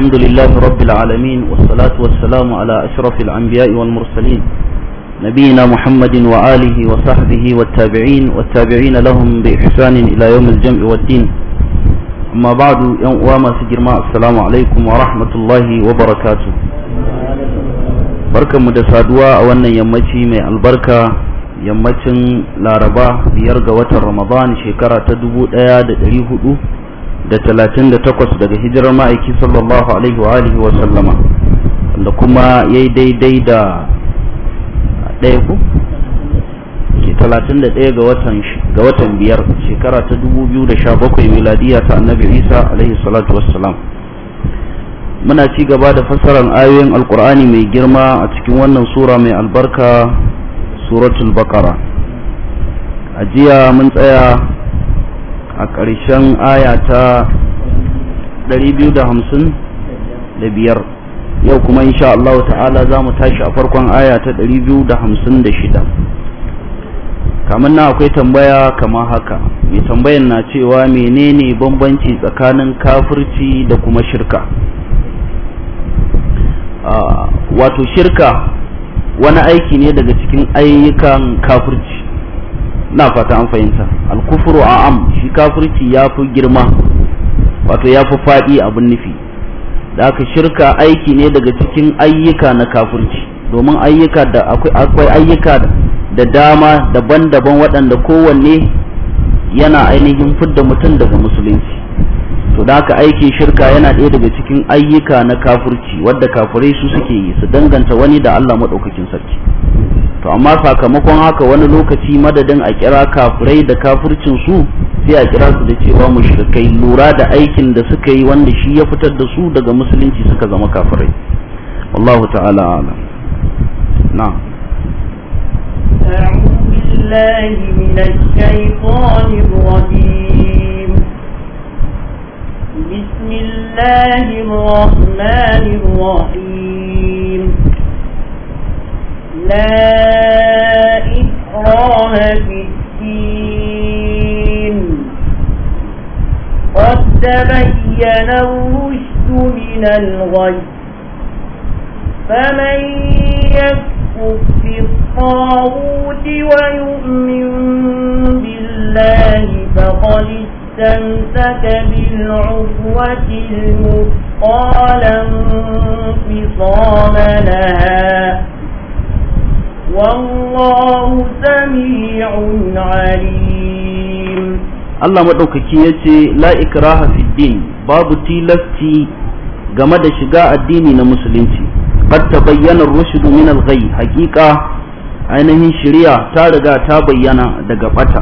الحمد لله رب العالمين والصلاة والسلام على أشرف الأنبياء والمرسلين نبينا محمد وآله وصحبه والتابعين والتابعين لهم بإحسان إلى يوم الجمع والدين أما بعد يوم وما سجر السلام عليكم ورحمة الله وبركاته بركة مدسادوا أولا يمتي من البركة yammacin laraba biyar ga watan ramadan shekara ta dubu ɗaya da ɗari hudu da talatin da takwas daga hijirar ma'aiki sallallahu alaihi wa alihi wa sallama da kuma ya yi daidai da ɗaya ku ke talatin da ɗaya ga watan biyar shekara ta dubu biyu da sha bakwai miladiya ta annabi isa alaihi salatu wasallam muna ci gaba da fassarar ayoyin alkur'ani mai girma a cikin wannan sura mai albarka suratul bakara a jiya mun tsaya a ƙarshen aya ta 255 yau kuma insha Allah ta'ala za mu tashi a farkon aya ta da shida. kamar na akwai tambaya kama haka mai tambayan na cewa menene bambanci tsakanin kafirci da kuma shirka ah, wato shirka wani aiki ne daga cikin ayyukan kafirci na fata an fahimta alkufuru a am shi kafirci ya fi girma wato ya fi faɗi abin nufi da aka shirka aiki ne daga cikin ayyuka na kafirci domin ayyuka da akwai ayyuka da dama daban-daban waɗanda kowanne yana ainihin fidda mutum daga musulunci to da aka aikin shirka yana ɗaya daga cikin ayyuka na kafirci wadda kafirai su suke yi su danganta wani da Allah maɗaukakin sarki to amma sakamakon haka wani lokaci madadin a kira kafirai da kafircin su sai a kira su da cewa mushrikai lura da aikin da suka yi wanda shi ya fitar da su daga musulunci suka zama kafirai wallahu ta'ala alam بسم الله الرحمن الرحيم لا إكراه في الدين قد تبين الرشد من الغي فمن يكفر بالطاغوت ويؤمن بالله فقد استمسك بالعفوة المثقى لا انفصام لها والله سميع عليم Allah maɗaukaki ya ce la'ikraha fi babu tilasti game da shiga addini na musulunci, qad bayyana rushdu min al-ghayy haqiqa ainihin shari'a ta riga ta bayyana daga bata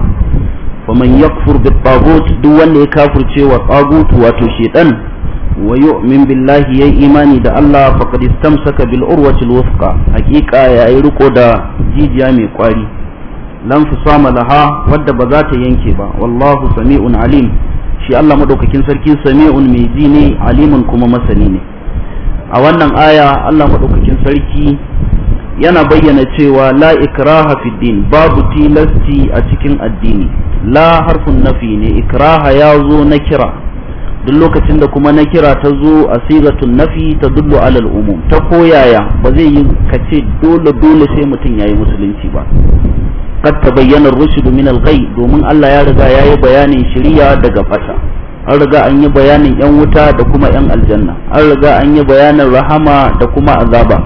faman yakfur bi tagut duk wanda ya kafirce wa tagut wato sheɗan. Wayo min billahi yayi imani da Allah faqad istamsaka bil urwati al wuthqa haqiqa yayi riko da jijiya mai kwari lam fusama laha wadda ba za ta yanke ba wallahu sami'un alim shi Allah madaukakin sarki sami'un mai alimun kuma masani ne a wannan aya Allah madaukakin sarki yana bayyana cewa la ikraha fid babu tilasti a cikin addini la harfun nafi ne ikraha yazo na kira duk lokacin da kuma na kira ta zo a siratun nafi ta dullu alal umum ta koyaya ba zai yi kace dole dole sai mutum yayi musulunci ba kad ta bayyana rushd min al domin Allah ya riga yayi bayanin shari'a daga fata an riga an yi bayanin yan wuta da kuma yan aljanna an riga an yi bayanin rahama da kuma azaba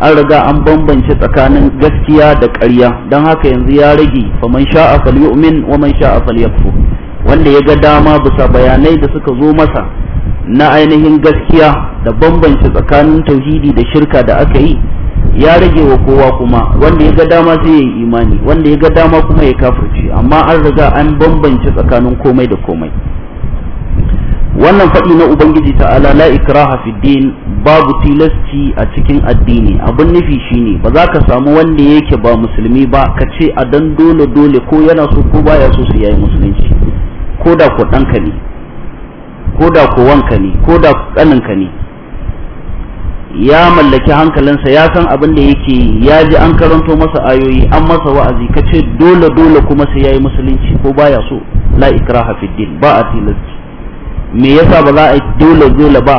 an riga an bambance tsakanin gaskiya da ƙarya don haka yanzu ya rage faman sha'a falyu'min wa man sha'a falyakfur wanda ya ga dama bisa bayanai da suka zo masa na ainihin gaskiya da bambanci tsakanin tauhidi da shirka da aka yi ya rage wa kowa kuma wanda ya ga dama sai ya yi imani wanda ya ga dama kuma ya kafirci amma an riga an bambance tsakanin komai da komai wannan faɗi na ubangiji ta'ala la ikraha fi din babu tilasci a cikin addini abin nufi shine ba za ka samu wanda yake ba musulmi ba ka ce a dan dole dole ko yana so ko baya so su yayi musulunci ko da ko ɗanka ne ko da ko wanka ne ko da ɗaninka ne ya mallaki hankalinsa ya san abin da yake ya ji an karanto masa ayoyi an masa wa'azi ka ce dole dole kuma sai ya yi musulunci ko baya so la ikraha fi din ba a tilasta me yasa ba za a yi dole dole ba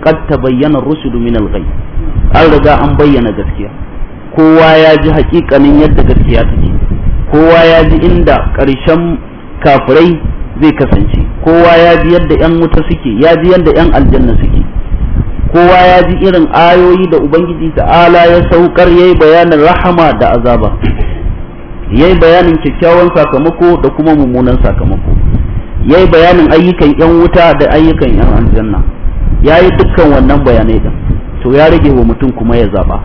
kad bayyana rusulu min al an riga an bayyana gaskiya kowa ya ji hakikanin yadda gaskiya take kowa ya ji inda ƙarshen kafirai zai kasance kowa ya ji yadda yan wuta suke ya ji yadda yan aljanna suke kowa ya ji irin ayoyi da ubangiji ta'ala ya saukar yayi bayanin rahama da azaba yayi bayanin kyakkyawan sakamako da kuma mummunan sakamako yayi bayanin ayyukan yan wuta da ayyukan yan aljanna yayi dukkan wannan bayanai da to ya rage wa mutum kuma ya zaba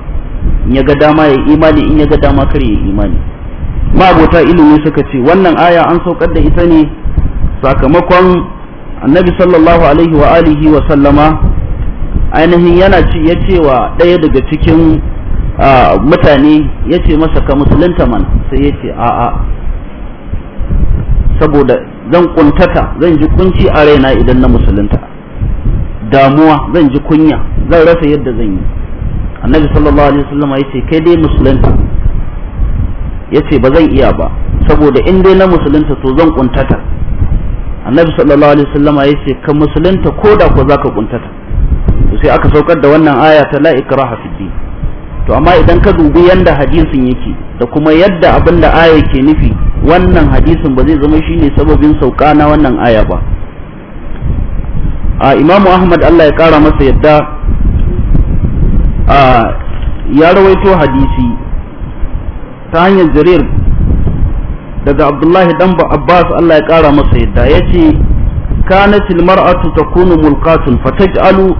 in ya ga dama ya imani in ya ga dama kar ya imani ma'abota ilimi suka ce wannan aya an saukar da ita ne sakamakon annabi sallallahu alaihi wa alihi wa sallama ainihin yana ci ya ce wa ɗaya daga cikin mutane ya ce masa ka musulunta man sai ya ce a'a saboda zan kuntata zan ji kunci a raina idan na musulunta damuwa zan ji kunya zan rasa yadda zan yi annabi sallallahu alaihi wasallam ya ce kai dai musulunta ya ce ba zan iya ba saboda in dai na musulunta to zan kuntata annabi sallallahu alaihi wasallam ya ce ka musulunta koda ko zaka kuntata to sai aka saukar da wannan aya ta la ikraha fid din to amma idan ka dubi yanda hadisin yake da kuma yadda abin da aya ke nufi wannan hadisin ba zai zama shine sababin sauka na wannan aya ba a imamu ahmad Allah ya kara masa yadda a ya rawaito hadisi ta hanyar jarir daga abdullahi dan abbas Allah ya kara masa yadda yace kanat almar'atu takunu mulqatun fataj'alu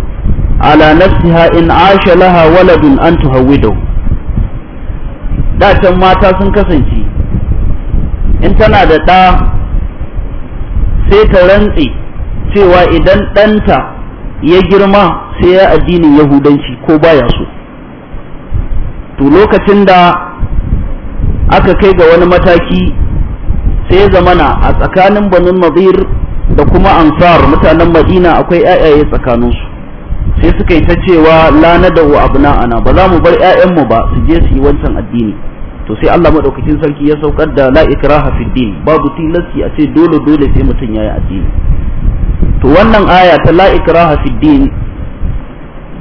ala nafsiha in asha laha waladun an tuhawwidu da can mata sun kasance in tana da ɗa sai ta rantse cewa idan ɗanta ya girma sai ya addinin yahudanci ko baya so to lokacin da aka kai ga wani mataki sai zamana a tsakanin banin nazir da kuma ansar mutanen madina akwai yayaye tsakaninsu sai suka yi ta cewa la abu abna'ana ba za mu bar yayanmu ba su je su yi wancan addini to sai Allah madaukakin sarki ya saukar da la ikraha fi din babu tilasti a ce dole dole sai mutum ya yi addini to wannan aya ta la ikraha fi din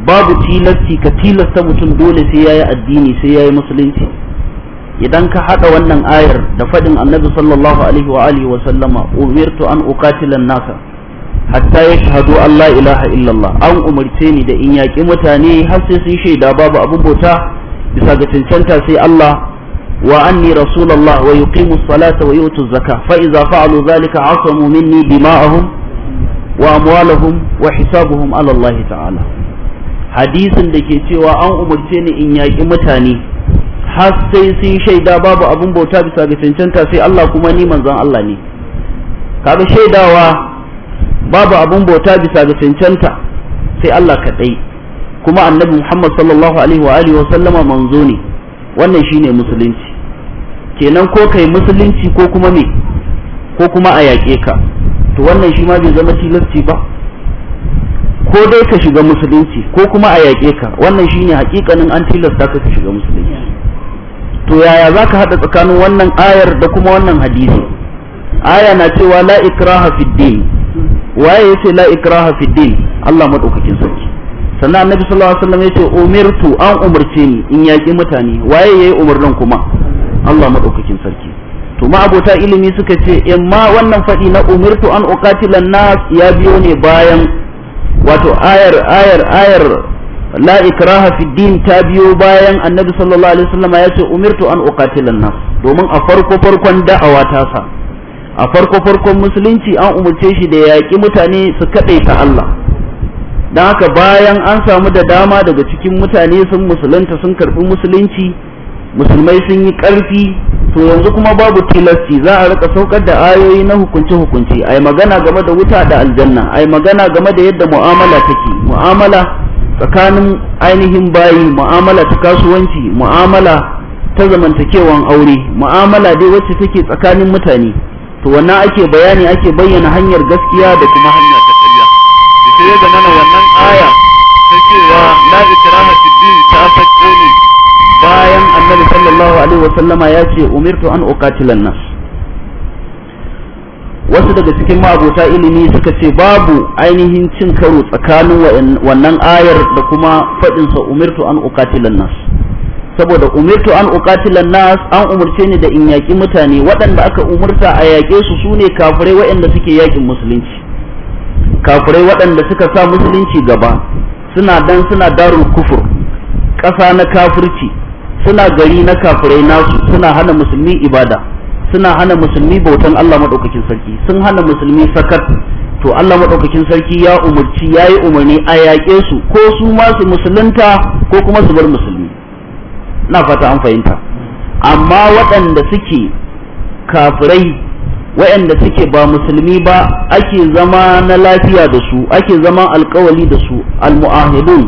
babu tilasti ka tilasta mutum dole sai ya yi addini sai ya yi musulunci idan ka hada wannan ayar da fadin annabi sallallahu alaihi wa alihi wa sallama umirtu an uqatila naka hatta yashhadu an la ilaha illallah an umarce ni da in yaki mutane har sai sun shaida babu abin bisa ga cancanta sai Allah wa anni rasulullah wa yuqimu salata wa yutu zakka fa idza fa'alu dhalika asamu minni dima'ahum wa amwalahum wa hisabuhum ala Allah ta'ala hadisin da ke cewa an umarce ni in yaki mutane har sai sun shaida babu abin bauta bisa ga cancanta sai Allah kuma ni manzon Allah ne kaga shaidawa babu abin bauta bisa ga cancanta sai Allah kadai kuma annabi Muhammad sallallahu alaihi wa alihi wa sallama manzo ne wannan shine musulunci kenan ko kai musulunci ko kuma me ko kuma a yaƙe ka to wannan shi ma bai zama tilasti ba ko dai ka shiga musulunci ko kuma a yaƙe ka wannan shine hakikanin an tilasta ka shiga musulunci to yaya za ka haɗa tsakanin wannan ayar da kuma wannan hadisi aya na cewa la ikraha fid din waye yace la ikraha fid din Allah madaukakin sarki sannan annabi sallallahu alaihi wasallam yace umirtu an umarce ni in yaki mutane waye yayi umarnin kuma Allah madaukakin sarki to ma abota ilimi suka ce in ma wannan faɗi na umirtu an uqatilan nas ya biyo ne bayan wato ayar ayar ayar la ikraha fi din ta biyo bayan annabi sallallahu alaihi wasallam ya ce umirtu an uqatilan nas domin a farko farkon da'awa ta sa a farko farkon musulunci an umurce shi da yaƙi mutane su kaɗe ta Allah don haka bayan an samu da dama daga cikin mutane sun musulunta sun karɓi musulunci musulmai sun yi ƙarfi to yanzu kuma babu tilasci za a rika saukar da ayoyi na hukunce hukunci ai magana game da wuta da aljanna ai magana game da yadda mu'amala take mu'amala tsakanin ainihin bayi mu'amala ta kasuwanci mu'amala ta zamantakewan aure mu'amala dai wacce take tsakanin mutane to wannan ake bayani ake bayyana hanyar gaskiya da kuma hanya ta ƙarya da sai da nana wannan aya ta cewa la ikraha fid ta sakko ne bayan annabi sallallahu alaihi wasallama ya ce umirtu an uqatilan nas wasu daga cikin ma'abota ilimi suka ce babu ainihin cin karo tsakanin wannan ayar da kuma faɗinsa umirtu an uqatilan nas saboda umirtu an uqatilan nas an umurce ni da in yaƙi mutane waɗanda aka umurta a yaƙe su sune kafirai waɗanda suke yaƙin musulunci kafirai waɗanda suka sa musulunci gaba suna dan suna darul kufur ƙasa na kafirci suna gari na kafirai nasu suna hana musulmi ibada suna hana musulmi bautan Allah madaukakin sarki sun hana musulmi sakat to Allah madaukakin sarki ya umarci yayi umarni a yaƙe su ko su ma su musulunta ko kuma su bar musulmi na fata an fahimta amma waɗanda suke kafirai waɗanda suke ba musulmi ba ake zama na lafiya da su ake zama alkawali da su almu'ahidun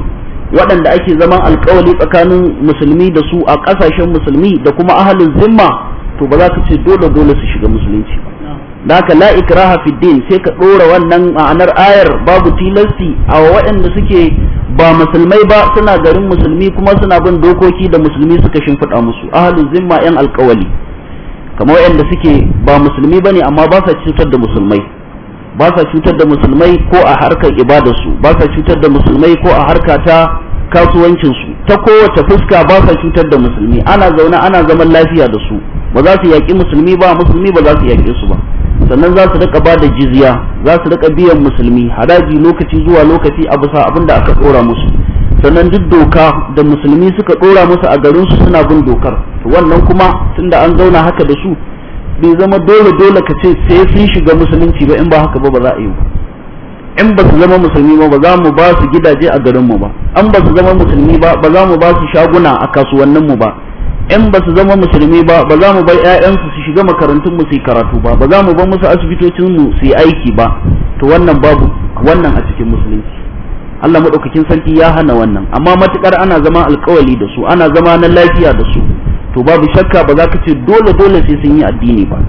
waɗanda ake zama alkawali tsakanin musulmi da su a ƙasashen musulmi da kuma ahalin zimma to ba za ka ce dole dole su shiga musulunci ba ka la ikraha fi din sai ka dora wannan ma'anar ayar babu tilasti a waɗanda suke ba musulmai ba suna garin musulmi kuma suna bin dokoki da musulmi suka shimfiɗa musu ahlul zimma yan alƙawali kamar waɗanda suke ba musulmi bane amma ba sa cutar da musulmai ba sa cutar da musulmai ko a harkar ibadarsu ba sa cutar da musulmai ko a harka ta kasuwancinsu ta kowace fuska ba sa cutar da musulmi ana zaune ana zaman lafiya da su ba za su yaƙi musulmi ba musulmi ba za su yaƙe su ba sannan za su rika ba da jizya za su rika biyan musulmi haraji lokaci zuwa lokaci a bisa abin da aka ɗora musu sannan duk doka da musulmi suka ɗora musu a garin su suna bin dokar to wannan kuma tunda an zauna haka da su bai zama dole dole ka ce sai sun shiga musulunci ba in ba haka ba ba za a yi ba in ba su zama musulmi ba ba za mu ba su gidaje a garinmu ba an ba su zama musulmi ba ba za mu ba su shaguna a kasuwanninmu ba in ba su zama musulmi ba ba za mu bar ƴaƴansu su shiga makarantun mu su karatu ba ba za mu bar musu asibitocin mu su yi aiki ba to wannan babu wannan a cikin musulunci Allah madaukakin sarki ya hana wannan amma matukar ana zama alkawali da su ana zama na lafiya da su to babu shakka ba za ka ce dole dole sai sun yi addini ba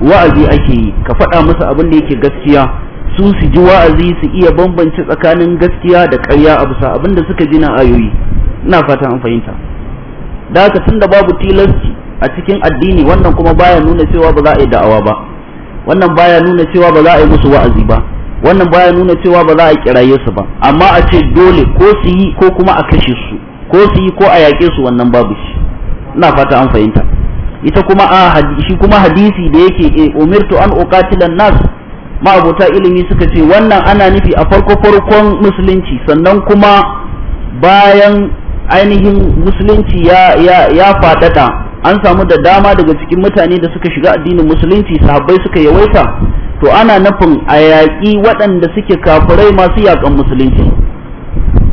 wa'azi ake yi ka faɗa musu abin da yake gaskiya su su ji wa'azi su iya bambance tsakanin gaskiya da ƙarya a bisa abin da suka ji na ayoyi ina fatan an fahimta da haka tunda babu tilasti a cikin addini wannan kuma baya nuna cewa ba za a yi da'awa ba wannan baya nuna cewa ba za a yi musu wa'azi ba wannan baya nuna cewa ba za a kiraye su ba amma a ce dole ko su yi ko kuma a kashe su ko su yi ko a yaƙe su wannan babu shi ina fata an fahimta ita kuma a shi kuma hadisi da yake eh, umirtu an uqatilan nas abota ilimi suka ce wannan ana nufi a farko farkon musulunci sannan kuma bayan ainihin musulunci ya ya ya faɗaɗa an samu da dama daga cikin mutane da suka shiga addinin musulunci sahabbai suka yawaita to ana nufin a yaƙi waɗanda suke kafirai masu yaƙan musulunci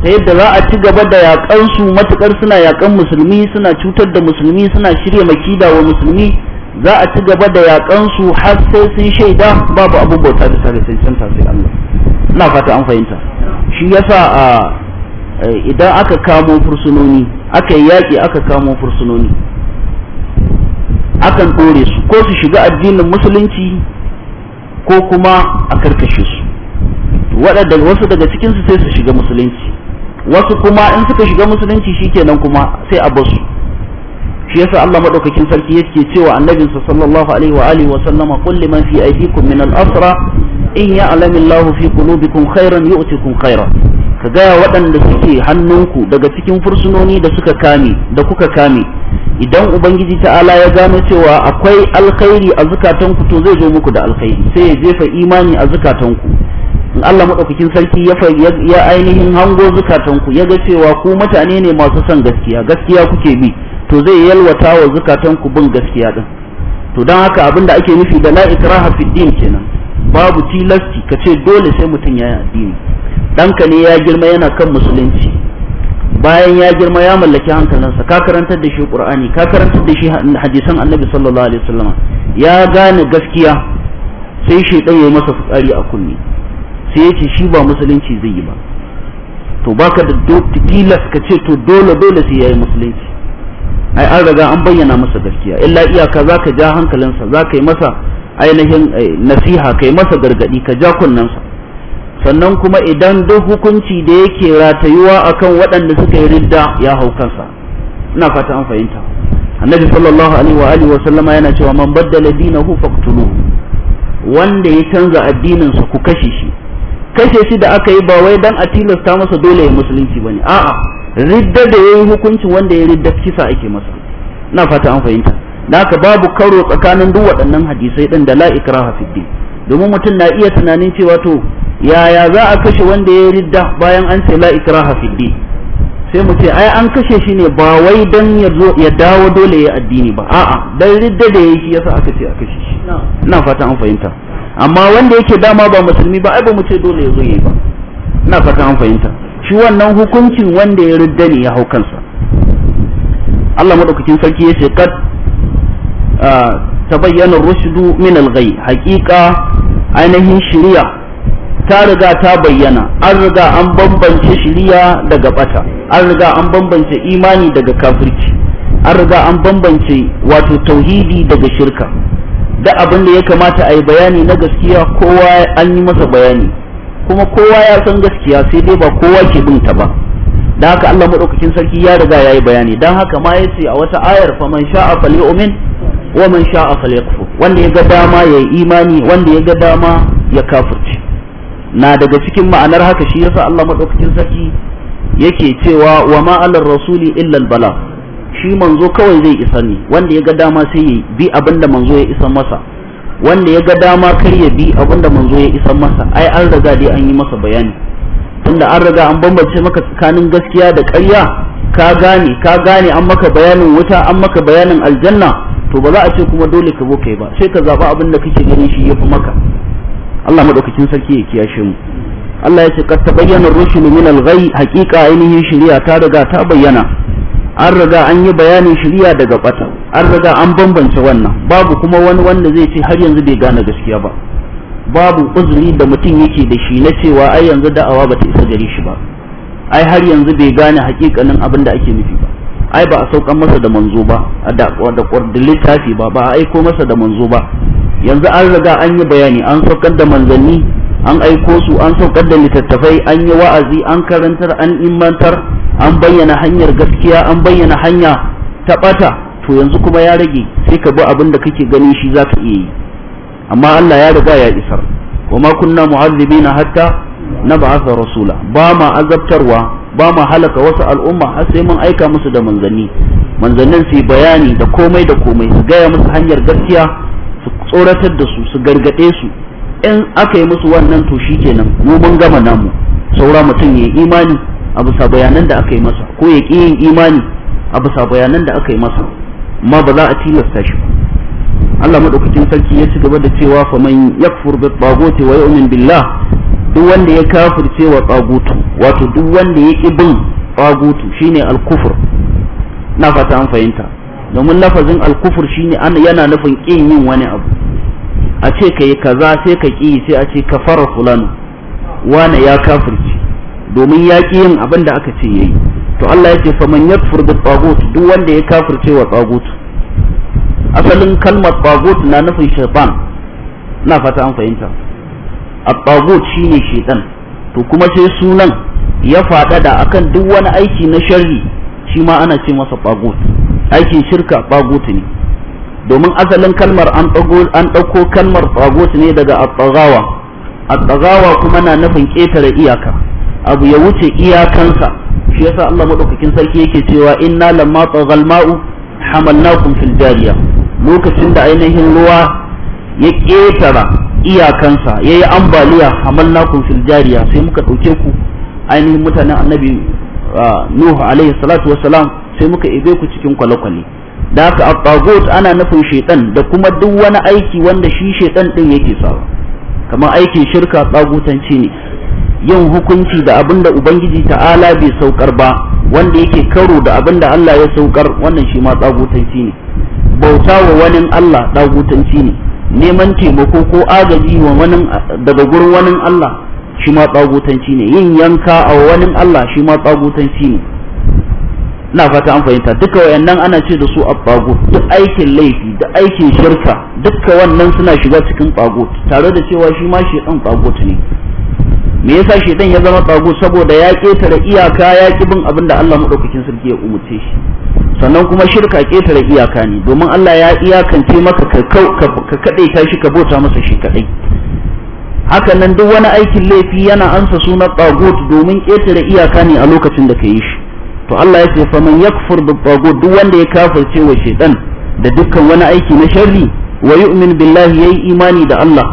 ta yadda za a ci gaba da yaƙansu matuƙar suna yaƙan musulmi suna cutar da musulmi suna shirya makida wa musulmi za a ci gaba da yaƙansu har sai sun shaida babu abubuwa da sun sai Allah ina fata an fahimta shi yasa a ah, Eh, idan aka kamo fursunoni aka yi yaƙi aka kamo fursunoni akan ɗore su ko su shiga addinin musulunci ko kuma a karkashe su waɗanda wasu daga cikinsu sai su shiga musulunci wasu kuma in suka shiga musulunci shikenan kuma sai a basu shi yasa Allah madaukakin sarki yake cewa annabinsa sallallahu alaihi wa alihi wa sallama qul liman fi aydikum min al-asra in ya'lamu Allahu fi qulubikum khairan yu'tikum khairan ka gaya waɗanda suke hannunku daga cikin fursunoni da suka kame da kuka kame idan ubangiji ta'ala ya gano cewa akwai alkhairi a zukatanku to zai zo muku da alkhairi sai ya jefa imani a zukatanku in Allah madaukakin sarki ya ya ainihin hango zukatanku ya ga cewa ku mutane ne masu son gaskiya gaskiya kuke bi to zai yalwata wa zukatanku bin gaskiya din to don haka abin da ake nufi da la ikraha fid din kenan babu tilasti kace dole sai mutum ya yi addini ɗanka ne ya girma yana kan musulunci bayan ya girma ya mallaki hankalinsa ka karantar da shi qur'ani ka karantar da shi hadisan annabi sallallahu alaihi wasallam ya gane gaskiya sai shi ɗaya ya masa fitsari a kunne sai ya ce shi ba musulunci zai yi ba to baka da tilas ka ce to dole dole sai ya yi musulunci ai an riga an bayyana masa gaskiya illa iyaka za ka ja hankalinsa za ka yi masa ainihin eh, nasiha ka yi masa gargaɗi ka ja kunnensa sannan kuma idan duk hukunci da yake ratayuwa akan waɗanda suka yi ridda ya hau kansa ina fata an fahimta annabi sallallahu alaihi wa alihi wa sallama yana cewa man baddala dinahu faqtulu wanda ya canza addinin sa ku kashe shi kashe shi da aka yi ba wai dan a tilasta masa dole ya musulunci bane a'a ridda da yayi hukuncin wanda ya ridda kisa ake masa ina fata an fahimta da haka babu karo tsakanin duk waɗannan hadisai din da la ikraha fi din domin mutum na iya tunanin cewa to yaya za a kashe wanda ya ridda bayan an ce la ikraha fiddi sai mu ce ai an kashe shi ne ba wai dan ya zo ya dawo dole ya addini ba a'a dan ridda da yayi shi yasa aka ce a kashe shi ina fata an fahimta amma wanda yake dama ba musulmi ba ai ba mu ce dole ya zo yi ba ina fata an fahimta shi wannan hukuncin wanda ya ridda ne ya hau kansa Allah madaukakin sarki ya ce kad ah, bayyana rushdu min al-ghay haqiqa ainihin shari'a ta riga ta bayyana an riga an bambance shiriya daga bata an riga an bambance imani daga kafirci an riga an bambance wato tauhidi daga shirka da abin da ya kamata a yi bayani na gaskiya kowa an yi masa bayani kuma kowa ya san gaskiya sai dai ba kowa ke bin ta ba da haka Allah madaukakin sarki ya riga ya yi bayani dan haka ma ya ce a wata ayar fa man sha'a falyu'min wa man sha'a falyakfur wanda ya ga dama ya yi imani wanda ya ga dama ya kafirci na daga cikin ma'anar haka shi yasa Allah madaukakin sarki yake cewa wa ma alar rasuli illa bala shi manzo kawai zai isa ne wanda ya ga dama sai ya bi abinda manzo ya isa masa wanda ya ga dama kar ya bi abinda manzo ya isa masa ai an riga dai an yi masa bayani tunda an riga an bambance maka tsakanin gaskiya da ƙarya ka gane ka gane an maka bayanin wuta an maka bayanin aljanna to ba za a ce kuma dole ka zo kai ba sai ka zaba abinda kake ganin shi yafi maka Allah madaukakin sarki ya kiyashe mu Allah ya ce ka tabayyana rushd min al-ghay haqiqa ainihin shari'a ta riga ta bayyana an riga an yi bayanin shari'a daga bata an riga an bambance wannan babu kuma wani wanda zai ce har yanzu bai gane gaskiya ba babu uzuri da mutum yake da shi na cewa ai yanzu da'awa bata isa gare shi ba ai har yanzu bai gane hakikanin abin da ake nufi ba ai ba a saukan masa da manzo ba da da littafi ba ba a aiko masa da manzo ba yanzu an riga an yi bayani an saukar da manzanni an aiko su an saukar da littattafai an yi wa'azi an karantar an imantar an bayyana hanyar gaskiya an bayyana hanya ta bata to yanzu kuma ya rage sai ka bi abin da kake gani shi za ka iya yi amma Allah ya riga ya isar kuma kunna mu'azzibina hatta na ba'atha rasula ba ma azabtarwa ba ma halaka wasu al'umma har sai mun aika musu da manzanni manzannin su bayani da komai da komai su gaya musu hanyar gaskiya su tsoratar da su su gargade su in aka yi musu wannan to shikenan mu mun gama namu saura mutum ya yi imani a bisa bayanan da aka yi masa ko ya ƙi yin imani a bisa bayanan da aka yi masa amma ba za a tilasta shi Allah madaukakin sarki ya ci gaba da cewa fa man yakfur bi taguti wa yu'min billah duk wanda ya kafirce wa tagutu wato duk wanda ya ki bin tagutu shine al-kufr na fata an fahimta domin lafazin alkufur ne yana nufin ƙin yin wani abu a ce ka yi kaza sai ka ƙi sai a ce ka fara fulano wane ya kafirci domin ya ƙi yin abin da aka ce ya yi to Allah ya ce faman ya bi tsagotu duk wanda ya kafirce wa tsagotu asalin kalmar tsagotu na nufin shaitan na fata an fahimta a shi shine shaitan to kuma sai sunan ya da akan duk wani aiki na sharri shi ma ana ce masa tsagotu. aikin shirka bagutu ne domin asalin kalmar an ɗauko kalmar bagutu ne daga atsagawa atsagawa kuma na nufin ƙetare iyaka abu ya wuce iyakansa shi yasa Allah madaukakin sarki yake cewa inna lamma tsagal ma'u hamalnakum fil jariya lokacin da ainihin ruwa ya ƙetara iyakansa ya yi ambaliya hamalnakum fil jariya sai muka ɗauke ku ainihin mutanen annabi nuhu alaihi salatu wassalam sai muka ibe ku cikin kwale-kwale da haka abbagot ana nufin shaitan da kuma duk wani aiki wanda shi shaitan din yake sawa kamar aikin shirka tsagutanci ne yin hukunci da abinda ubangiji ta'ala bai saukar ba wanda yake karo da abinda Allah ya saukar wannan shi ma tsagutanci ne bauta wa wani Allah tsagutanci ne neman taimako ko agaji wa wani daga gurin wani Allah shi ma tsagutanci ne yin yanka a wani Allah shi ma tsagutanci ne na fata an fahimta duka wayannan ana ce da su a tsagut duk aikin laifi da aikin shirka duka wannan suna shiga cikin tsagut tare da cewa shi ma shi dan tsagut ne me yasa shi dan ya zama tsagut saboda ya ketare iyaka ya ki bin abin da Allah madaukakin sarki ya umurce shi sannan kuma shirka ketare iyaka ne domin Allah ya iyakance maka ka kaɗai ta shi ka bota masa shi kaɗai haka nan duk wani aikin laifi yana ansa sunan tagut domin ƙetare iyaka ne a lokacin da ka yi shi to Allah ya ce fa man yakfur bi tagut duk wanda ya kafirce wa shaytan da dukkan wani aiki na sharri wa yu'min billahi yayi imani da Allah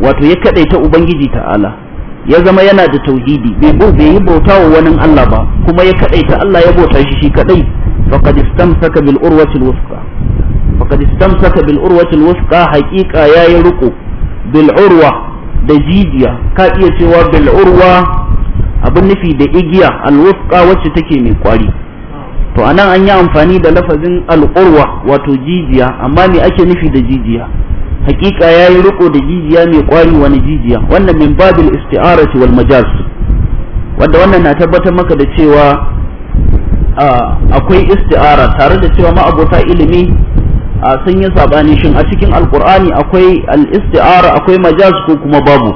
wato ya kadaita ubangiji ta'ala ya zama yana da tauhidi bai bo bai yi bauta wa wani Allah ba kuma ya kadaita Allah ya bauta shi shi kadai faqad istamsaka bil urwati al wusqa faqad istamsaka bil urwati al wusqa haqiqa yayi ruku bil urwa da jijiya ka iya cewa bil urwa abin nufi da igiya alwufqa wacce take mai kwari to anan an yi amfani da lafazin al'urwa wato jijiya amma me ake nufi da jijiya hakika yayi riko da jijiya mai kwari wani jijiya wannan min babil isti'arati wal majaz wanda wannan na tabbatar maka da cewa akwai isti'ara tare da cewa ma'abota ilimi sun yi sabani shin a cikin alkur'ani akwai al-isti'ara akwai majaz ko kuma babu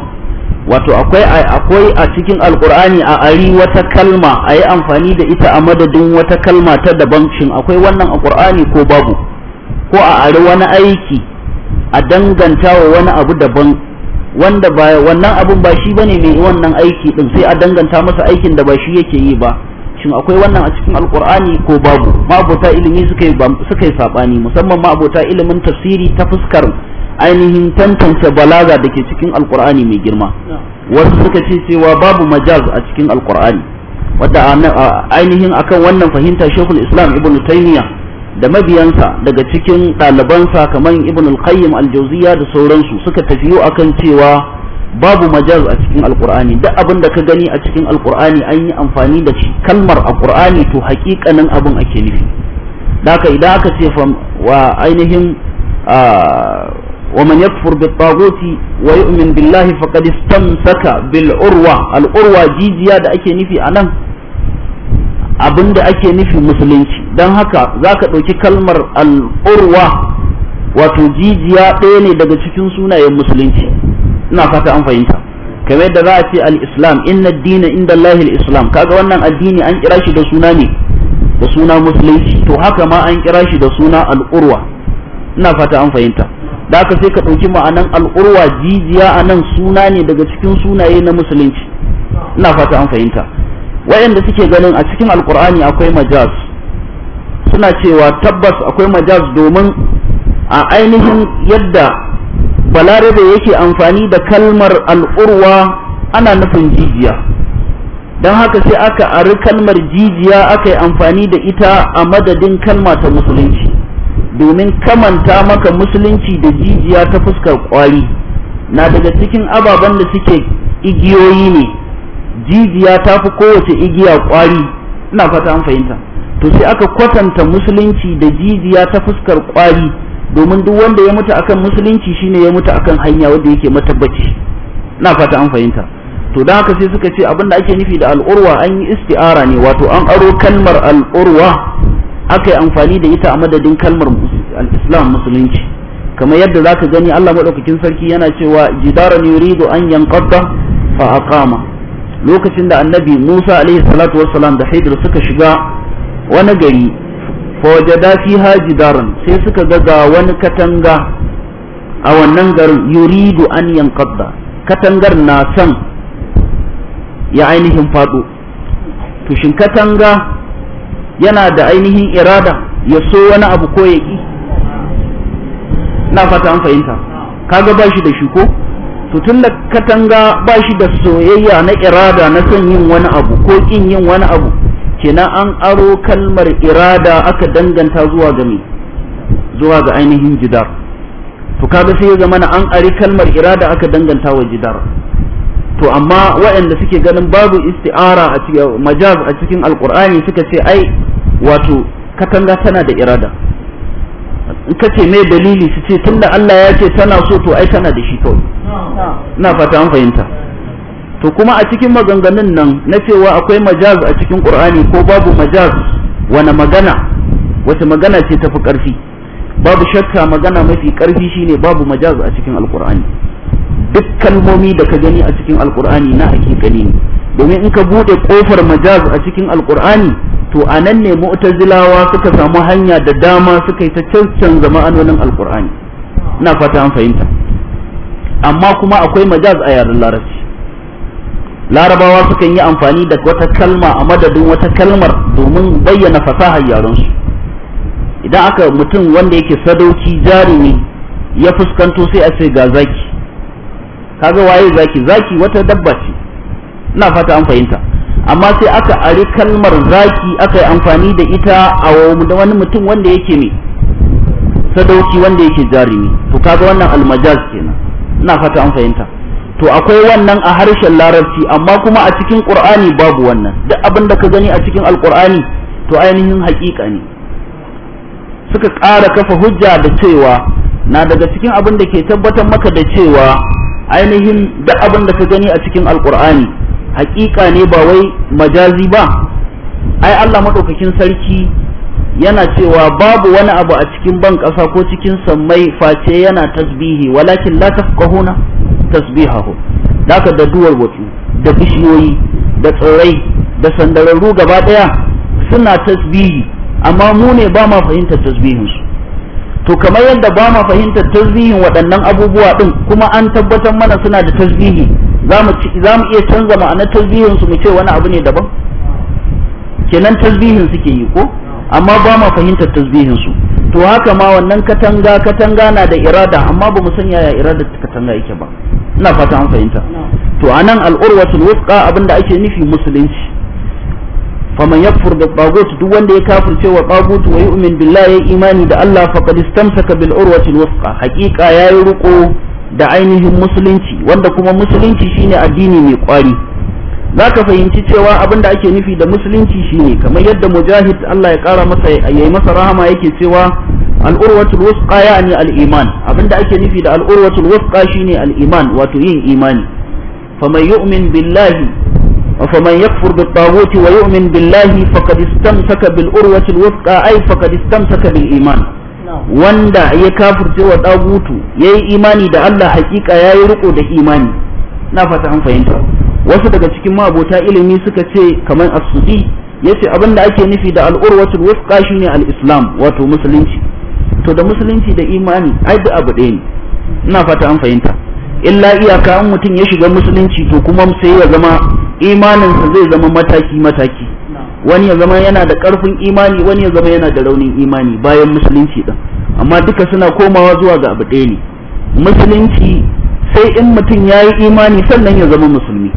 wato akwai akwai a cikin alkur'ani a ari wata kalma a yi amfani da ita a madadin wata kalma ta daban shin akwai wannan alkur'ani ko babu ko a ari wani aiki a danganta wa wani abu daban wanda ba wannan abun ba shi bane mai wannan aiki din sai a danganta masa aikin da ba shi yake yi ba cikin akwai wannan a cikin alkur'ani ko babu ma'abota ilimi suka yi saɓani musamman ma'abota ilimin tafsiri ta fuskar ainihin tantance balaga da ke cikin alkur'ani mai girma wasu suka ce cewa babu majaz a cikin alkur'ani wadda ainihin akan wannan fahimta shekul islam ibn taymiya da mabiyansa daga cikin ɗalibansa kamar ibn al-qayyim al da sauransu suka tafiyo akan cewa babu majaz a cikin alkur'ani duk abin da ka gani a cikin alkur'ani an yi amfani da shi kalmar al'kur'ani to haƙiƙanin abin ake nufi daka idan aka ce wa ainihin wa man yakfur bit taguti wa yu'min billahi faqad istamsaka bil urwa al urwa jijiya da ake nufi anan abinda ake nufi musulunci don haka zaka ɗauki kalmar al urwa wato jijiya ɗaya ne daga cikin sunayen musulunci ina fata an fahimta kamar yadda za a ce al-islam inna ad-dina inda Allah al-islam kaga wannan addini an kira shi da suna ne da suna musulunci to haka ma an kira shi da suna al-urwa ina fata an fahimta da haka sai ka ɗauki ma'anan al-urwa jijiya anan suna ne daga cikin sunaye na musulunci ina fata an fahimta wayanda suke ganin a cikin alkur'ani akwai majaz suna cewa tabbas akwai majaz domin a ainihin yadda balarabe yake amfani da kalmar al'urwa ana nufin jijiya don haka sai aka ari kalmar jijiya aka yi amfani da ita a madadin kalma ta musulunci domin kamanta maka musulunci da jijiya ta fuskar kwari na daga cikin ababen da suke igiyoyi ne jijiya ta fi kowace igiya kwari ina fata an fahimta to sai aka kwatanta musulunci da jijiya ta fuskar kwari domin duk wanda ya mutu akan musulunci shine ya mutu akan hanya wanda yake matabbaci na fata an fahimta to dan haka sai suka ce abin da ake nufi da al'urwa an yi isti'ara ne wato an aro kalmar al'urwa aka yi amfani da ita a madadin kalmar al'islam musulunci kamar yadda zaka gani allah madaukakin sarki yana cewa jidaran yuridu an yanqadda fa aqama lokacin da annabi musa alayhi salatu wassalam da haidir suka shiga wani gari fawajada haji jidaran sai suka ga ga wani katanga a wannan garin yuridu an yanqadda katangar na san ya ainihin fado to shin katanga yana da ainihin irada ya so wani abu ko ya ki na fata an fahimta kaga ba shi da shi ko to tunda da katanga ba shi da soyayya na irada na son yin wani abu ko kin yin wani abu kina an aro kalmar irada aka danganta zuwa ga me zuwa ga ainihin jidar to kaga sai ya zama an ari kalmar irada aka danganta wa jidar to amma waɗanda suke ganin babu isti'ara a cikin majaz a cikin alqur'ani suka ce ai wato katanga tana da irada in kace mai dalili su ce tunda Allah ya ce tana so to ai tana da shi kawai na fata an fahimta to kuma a cikin maganganun nan na cewa akwai majaz a cikin qur'ani ko babu majaz wani magana wace magana ce tafi ƙarfi babu shakka magana mafi ƙarfi shine babu majaz a cikin alqur'ani duk kalmomi da ka gani a cikin alqur'ani na hakikani ne domin in ka bude kofar majaz a cikin alqur'ani to a nan ne mu'tazilawa suka samu hanya da dama suka yi ta cancanza ma'anonin alqur'ani ina fata an fahimta amma kuma akwai majaz a yaren larabci larabawa sukan yi amfani da wata kalma a madadin wata kalmar domin bayyana fasahar yarensu idan aka mutum wanda yake sadauki jarumi ya fuskanto sai a ce ga zaki kaga waye zaki zaki wata dabba ce ina fata an fahimta amma sai aka ari kalmar zaki aka yi amfani da ita a wani mutum wanda yake ne sadauki wanda yake jarumi to kaga wannan almajaz kenan ina fata an fahimta to akwai wannan a harshen larabci amma kuma a cikin qur'ani babu wannan duk abin da ka gani a cikin alqur'ani to ainihin haƙiƙa ne suka ƙara kafa hujja da cewa na daga cikin abin da ke tabbatar maka da cewa ainihin duk abin da ka gani a cikin alqur'ani haƙiƙa ne ba wai majazi ba ai Allah madaukakin sarki yana cewa babu wani abu a cikin ban ƙasa ko cikin sammai face yana tasbihi walakin la tafqahuna tasbihahu daka da duwar watsu da bishiyoyi da tsirrai da sandararru gaba daya suna tasbihi amma mu ne ba ma fahimtar tasbihin su to kamar yadda ba ma fahimtar tasbihin waɗannan abubuwa din kuma an tabbatar mana suna da tasbihi za mu iya canza ma'anar tasbihin su mu ce wani abu ne daban kenan tasbihin suke yi ko amma ba ma fahimtar tasbihin su to haka ma wannan katanga katanga na da irada amma ba mu san yaya iradar katanga yake ba ina fata an fahimta to anan al'urwatul wusqa abinda ake nufi musulunci faman yakfur da tagut duk wanda ya kafirce wa tagut wa yu'min billahi ya imani da Allah fa qad istamsaka bil urwatil wusqa haqiqa yayi ruko da ainihin musulunci wanda kuma musulunci shine addini mai kwari zaka fahimci cewa abinda ake nufi da musulunci shine kamar yadda mujahid Allah ya kara masa yayi masa rahama yake cewa al'urwatul wusqa ne al'iman abinda ake nufi da al'urwatul wusqa shine al'iman wato yin imani faman yu'min billahi wa faman yakfur bit taguti wa yu'min billahi faqad istamsaka bil urwatil wusqa ay faqad istamsaka bil iman wanda ya kafirce wa tagutu yayi imani da Allah hakika yayi riko da imani na fata an fahimta wasu daga cikin mabota ilimi suka ce kamar as-sudi yace abinda ake nufi da al-urwatul wusqa shine al-islam wato musulunci to da musulunci da imani ai duk abu ɗaya ne ina fata an fahimta illa iyaka an mutum ya shiga musulunci to kuma sai ya zama imaninsa zai zama mataki mataki wani ya zama yana da ƙarfin imani wani ya zama yana da raunin imani bayan musulunci ɗin amma duka suna komawa zuwa ga abu ɗaya ne musulunci sai in mutum ya yi imani sannan ya zama musulmi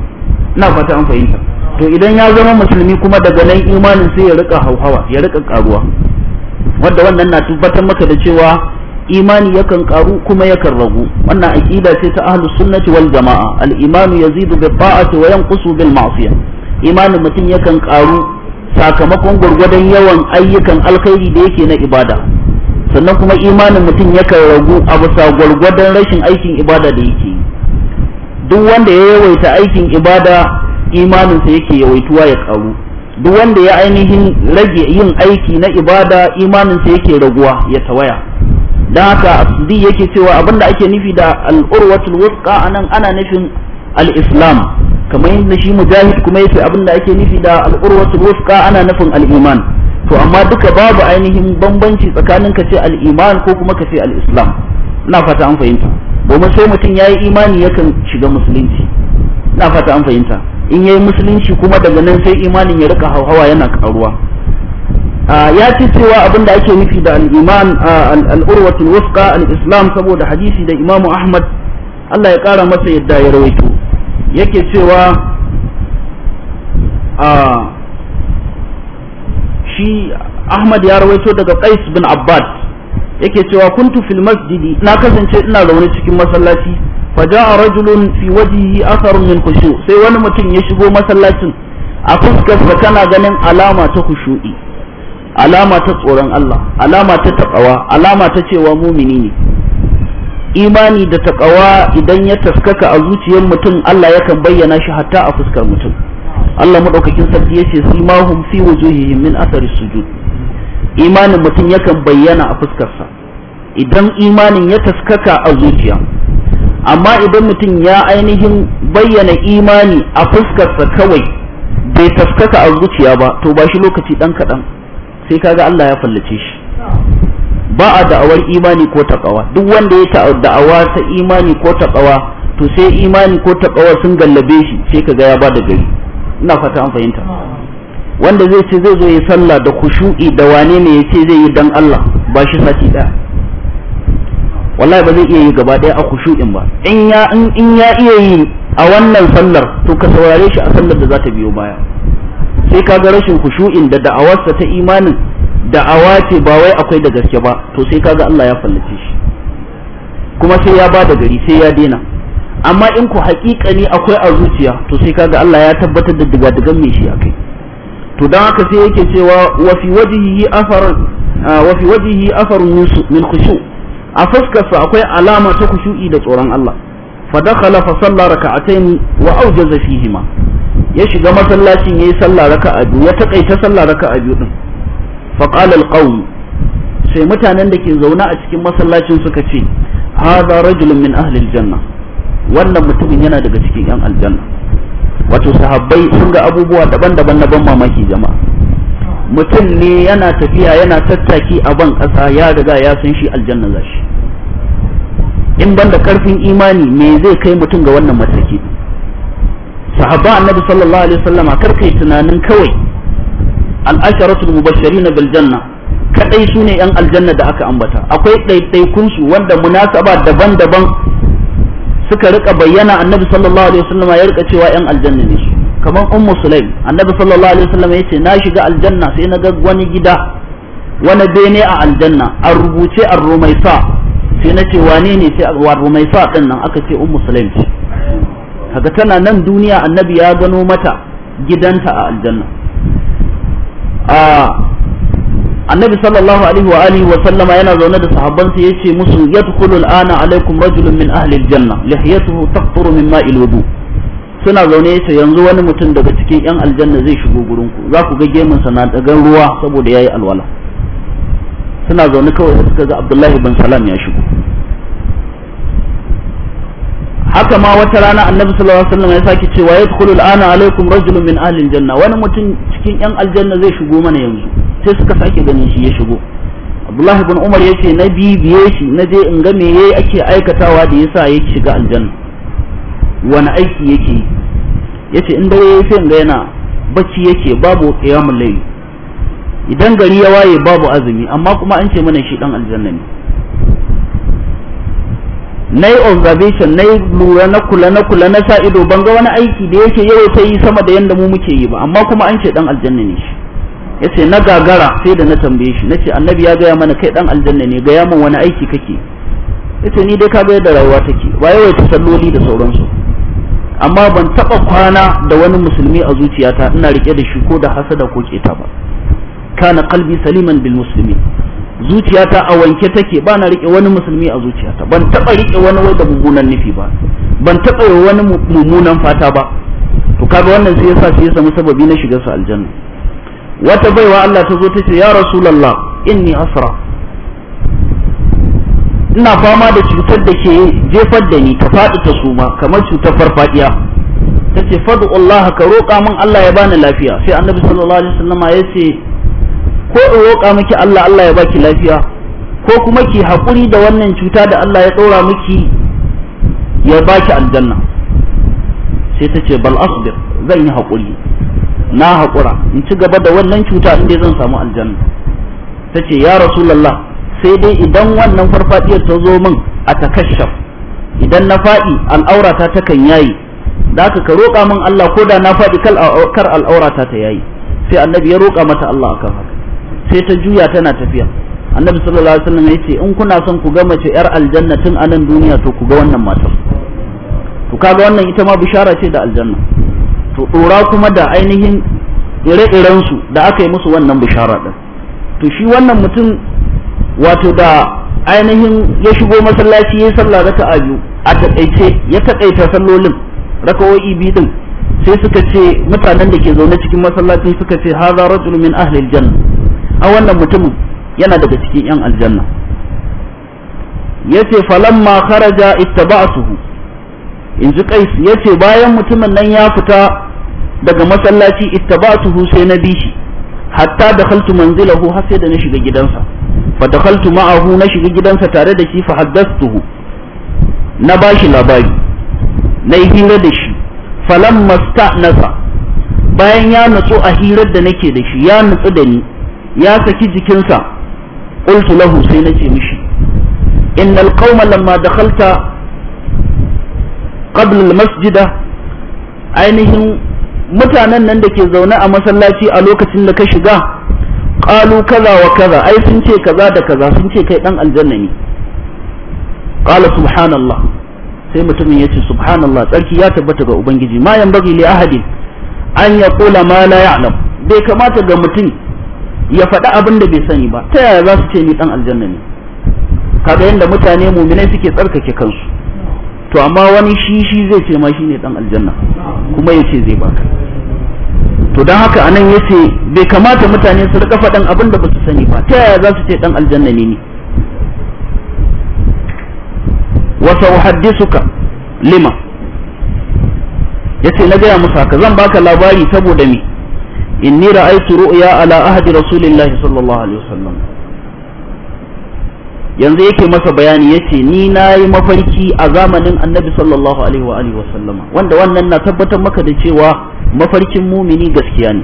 ina fata an fahimta to idan ya zama musulmi kuma daga nan imanin sai ya rika hauhawa ya rika karuwa wanda wannan na tabbatar maka da cewa imani yakan karu kuma yakan ragu wannan aqida ce ta ahlus sunnati wal jamaa al imanu yazidu bi ta'ati wa yanqusu bil ma'siyah imanin mutum yakan karu sakamakon gurgurdan yawan ayyukan alkhairi da yake na ibada sannan kuma imanin mutum yakan ragu a bisa gurgurdan rashin aikin ibada da yake duk wanda ya yawaita aikin ibada imaninsa yake yawaituwa ya karu duk wanda ya ainihin rage yin aiki na ibada imaninsa yake raguwa ya tawaya don haka asudi yake cewa abinda ake nufi da al'urwatul wuska anan ana nufin al'islam kamar yadda shi mujahid kuma yake abinda ake nufi da al'urwatul wuska ana nufin al'iman to amma duka babu ainihin bambanci tsakanin ka ce al'iman ko kuma ka ce al'islam ina fata an fahimta domin sai mutum ya yi imani yakan shiga musulunci na fata an fahimta in yayi musulunci kuma daga nan sai imanin ya rika hauhawa yana karuwa ya ce cewa abin da ake nufi da al-iman al-urwatul wusqa al-islam saboda hadisi da Imam Ahmad Allah ya kara masa yadda ya rawaito yake cewa shi Ahmad ya rawaito daga Qais bin Abbad yake cewa kuntu fil masjidi na kasance ina rauni cikin masallaci فجاء rajulun fi وجهه اثر من خشوع sai wani mutum ya shigo masallacin a fuskarsa kana ganin alama ta khushu'i alama ta tsoron Allah alama ta taqawa alama ta cewa ne imani da taqawa idan ya taskaka a zuciyar mutum Allah yakan bayyana shi hatta a fuskar mutum Allah madaukakin sarki yace simahum fi wujuhihim min athari sujud imanin mutum yakan bayyana a fuskarsa idan imanin ya taskaka a zuciya amma idan mutum ya ainihin bayyana imani a fuskarsa kawai bai taskaka a zuciya ba to ba shi lokaci dan kaɗan sai kaga Allah ya fallace shi ba a da'awar imani ko taƙawa duk wanda ya da'awa ta imani ko taƙawa to sai imani ko taƙawa sun gallabe shi sai kaga ya ba da gari ina fata an fahimta wanda zai ce zai zo ya sallah da kushu'i da wane ne ya ce zai yi dan Allah ba shi sati ɗaya wallahi ba zai iya yi gaba daya a khushu'in ba in ya in ya iya yi a wannan sallar to ka saurare shi a sallar da za ta biyo baya sai ka ga rashin khushu'in da da'awarsa ta imanin da'awa ce ba wai akwai da gaske ba to sai ka ga Allah ya fallace shi kuma sai ya ba da gari sai ya dena amma in ku haƙiƙa ne akwai a zuciya to sai ka ga Allah ya tabbatar da digadigan mai shi akai to dan haka sai yake cewa wa fi wajhihi afar wa fi wajhihi afar min khushu' a fuskarsa akwai alama ta kushu'i da tsoron Allah fa dakhala fa salla raka'ataini wa awjaza fihima ya shiga masallacin yayi sallah raka'a biyu ya takaita sallah raka'a biyu din fa qala alqawm sai mutanen da ke zauna a cikin masallacin suka ce hadha rajulun min ahli aljanna wannan mutumin yana daga cikin yan aljanna wato sahabbai sun ga abubuwa daban-daban na ban mamaki jama'a mutum ne yana tafiya yana tattaki a ban ƙasa ya riga ya san shi aljanna za shi in banda karfin imani me zai kai mutum ga wannan mataki sahaba annabi sallallahu alaihi wasallama karkai tunanin kawai al'asharatul mubashirin bil janna kadai sune yan aljanna da aka ambata akwai ɗaiɗaikun su wanda munasaba daban-daban suka rika bayyana annabi sallallahu alaihi wasallama ya rika cewa yan aljanna ne kamar ummu sulaim annabi sallallahu alaihi wasallam yace na shiga aljanna sai na ga wani gida wani bene a aljanna an rubuce an rumaisa sai na ce wane ne sai wa rumaisa din nan aka ce ummu sulaim ce kaga tana nan duniya annabi ya gano mata gidanta a aljanna a annabi sallallahu alaihi wa alihi wa sallama yana zaune da sahabban sa yace musu yadkhulul ana alaikum rajulun min ahli aljanna lihiyatuhu taqturu min ma'il wudu' suna zaune ya yanzu wani mutum daga cikin yan aljanna zai shigo gurin ku za ku ga gemin sa na dagan ruwa saboda yayi alwala suna zaune kawai suka ga Abdullahi bin Salam ya shigo haka ma wata rana annabi sallallahu alaihi wasallam ya saki cewa yadkhulu al'ana alaikum rajulun min ahli aljanna wani mutum cikin yan aljanna zai shigo mana yanzu sai suka saki ganin shi ya shigo Abdullahi bin Umar yace na bibiye shi na je in ga me yayi ake aikatawa da yasa ya shiga aljanna wani aiki yake yace in dare yayi sai ga yana bacci yake babu qiyamul layl idan gari ya waye babu azumi amma kuma an ce mana shi dan aljanna ne na yi observation na yi lura na kula na kula na sa ido ban ga wani aiki da yake yau ta yi sama da yadda mu muke yi ba amma kuma an ce dan aljanna ne shi ya na gagara sai da na tambaye shi na ce annabi ya gaya mana kai dan aljanna ne gaya min wani aiki kake ya ni dai ka ga yadda rayuwa take ba yawai ta salloli da sauransu amma ban taɓa kwana da wani musulmi a zuciyata ina riƙe da shi ko da hasada ko keta ba kana qalbi saliman bil muslimi zuciyata a wanke take ba na riƙe wani musulmi a zuciyata ban taɓa riƙe wani wai bugunan nufi ba ban taɓa yi wani mummunan fata ba to kaga wannan sai yasa sai ya samu sababi na shiga su aljanna wata baiwa Allah ta zo ta ce ya rasulullah inni asra ina fama da cutar da ke jefar da ni ta faɗi ta suma kamar cutar farfadiya ta ce fadu Allah ka roƙa min Allah ya bani lafiya sai annabi sallallahu alaihi wasallam ya ce ko in roƙa miki Allah Allah ya baki lafiya ko kuma ki haƙuri da wannan cuta da Allah ya ɗora miki ya baki aljanna sai ta ce bal asbir zan yi haƙuri na haƙura in ci gaba da wannan cuta inda zan samu aljanna ta ce ya rasulallah sai dai idan wannan farfadiyar ta zo min a takashaf idan na faɗi al'aurata ta kan yayi da aka ka roƙa min Allah ko da na faɗi kar al'aurata ta yayi sai annabi ya roƙa mata Allah akan haka sai ta juya tana tafiya annabi sallallahu alaihi wasallam ya in kuna son ku ga mace yar aljanna tun a nan duniya to ku ga wannan matar to kaga wannan ita ma bishara ce da aljanna to dora kuma da ainihin ire su da aka yi musu wannan bishara din to shi wannan mutum wato da ainihin ya shigo masallaci ya sallah raka'a biyu a takaice ya takaita sallolin raka'o'i biyu din sai suka ce mutanen da ke zaune cikin masallacin suka ce hadha rajul min ahli aljanna a wannan mutumin yana daga cikin yan aljanna yace falamma kharaja ittaba'tuhu in ji kais yace bayan mutumin nan ya fita daga masallaci ittaba'tuhu sai na bi shi hatta dakhaltu manzilahu har sai da na shiga gidansa fa ma'ahu na shiga gidansa tare da shi fa haddathtuhu na bashi labari na hira da shi falamma sta'nasa bayan ya nutsu a hirar da nake da shi ya nutsu da ni ya saki jikinsa qultu lahu sai nace mishi innal qauma lamma dakhalta qabla al masjida ainihin mutanen nan da ke zaune a masallaci a lokacin da ka shiga qalu kaza wa kaza ai sun ce kaza da kaza sun ce kai dan aljanna ne qala subhanallah sai mutumin yace subhanallah tsarki ya tabbata ga ubangiji ma yanbaghi li ahadin an yaqula ma la ya'lam bai kamata ga mutum ya faɗi abin da bai sani ba ta yaya za su ce ni dan aljanna ne kaga yanda mutane mu'minai suke tsarkake kansu to amma wani shi shi zai ce ma shine dan aljanna kuma yace zai baka to don haka anan ya ce bai kamata mutane su rika faɗin abin da ba su sani ba ta yaya za su ce ɗan aljanna ne ni wasa uhaddisuka lima ya ce na gaya musu ka zan baka labari saboda me inni ra'aytu ru'ya ala ahadi rasulillahi sallallahu alaihi wasallam yanzu yake masa bayani yace ni na yi mafarki a zamanin annabi sallallahu alaihi wa alihi wanda wannan na tabbatar maka da cewa mafarkin mumini gaskiya ne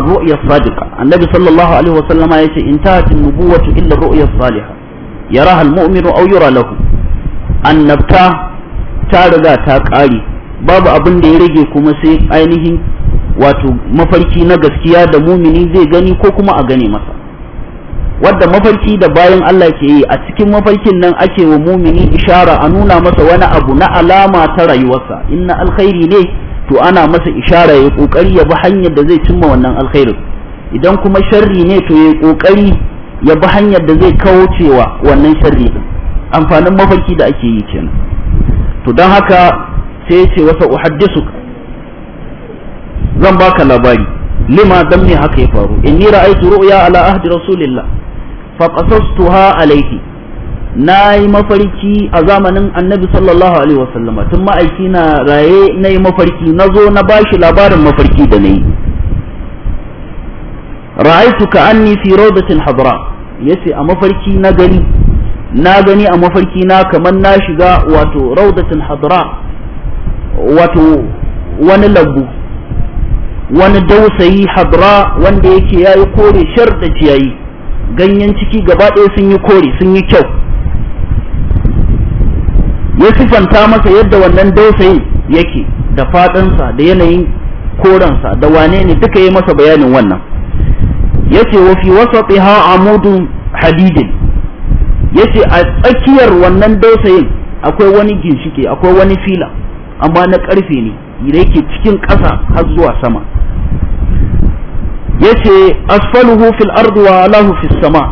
الرؤيا الصادقة النبي صلى الله عليه وسلم يقول انتهت النبوة إلا الرؤيا الصالحة يراها المؤمن أو يرى له النبتة تارغا تاكاري باب أبن ديريجي كما سي أينهن واتو مفركي نغس كيا دا مؤمني زي غني كوكما أغني مسا wadda mafarki da bayan Allah ke yi a cikin mafarkin nan ake wa mumini ishara a nuna masa wani abu na alama ta rayuwarsa inna alkhairi ne to ana masa ishara ya kokari ya bi hanyar da zai cimma wannan alkhairin idan kuma sharri ne to ya kokari ya bi hanyar da zai kawo cewa wannan sharri din amfanin mafarki da ake yi kenan to don haka sai ya ce wasa uhaddisu zan baka labari lima dan me haka ya faru inni ra'aytu ru'ya ala ahdi rasulillah fa qasastuha alayhi na yi mafarki a zamanin annabi sallallahu alaihi tun ma'aiki na raye na yi mafarki na zo na ba shi labarin mafarki da na yi ra'aitu ka anni fi rawdatin hadra yace a mafarki na gani na gani a mafarki na kamar na shiga wato rawdatin hadra wato wani lambu wani dausayi hadra wanda yake yayi kore shar da ciyayi ganyen ciki gaba ɗaya sun yi kore sun yi kyau ya sifanta masa yadda wannan dausayi yake da faɗinsa da yanayin koransa da wane ne duka yi masa bayanin wannan yace wa fi wasatiha amudun hadidin yace a tsakiyar wannan dausayin akwai wani ginshike akwai wani fila amma na karfe ne da yake cikin ƙasa har zuwa sama yace asfaluhu fil ardi wa alahu fis sama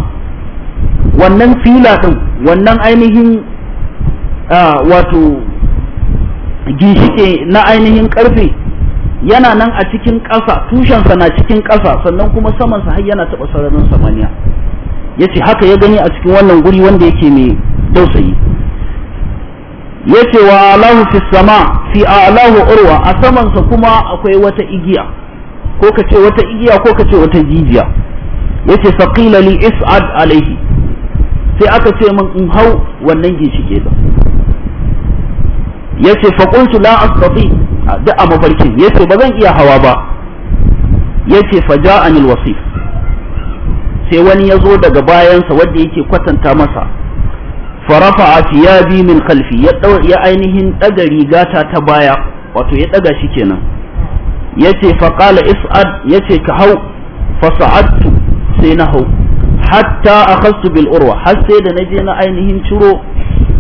wannan fila ɗin wannan ainihin wato ginshike na ainihin karfe yana nan a cikin ƙasa tushensa na cikin ƙasa sannan kuma samansa har yana taɓa sararin samaniya ya ce haka ya gani a cikin wannan guri wanda yake mai dausayi ya ce wa alahu fi sama fi alahu urwa a samansa kuma akwai wata igiya ko ka ce wata igiya ko ka ce wata jijiya ya ce faƙila is'ad alaihi sai aka ce min in hau wannan ginshike da yace fa qultu la astati duk a ya ce ba zan iya hawa ba ce fa ja'ani alwasif sai wani ya zo daga bayansa wanda yake kwatanta masa farafa thiyabi min khalfi ya ainihin daga rigata ta baya wato ya daga shi kenan yace fa qala is'ad yace ka hau fa sai na hau hatta a bil urwa har sai da na je na ainihin ciro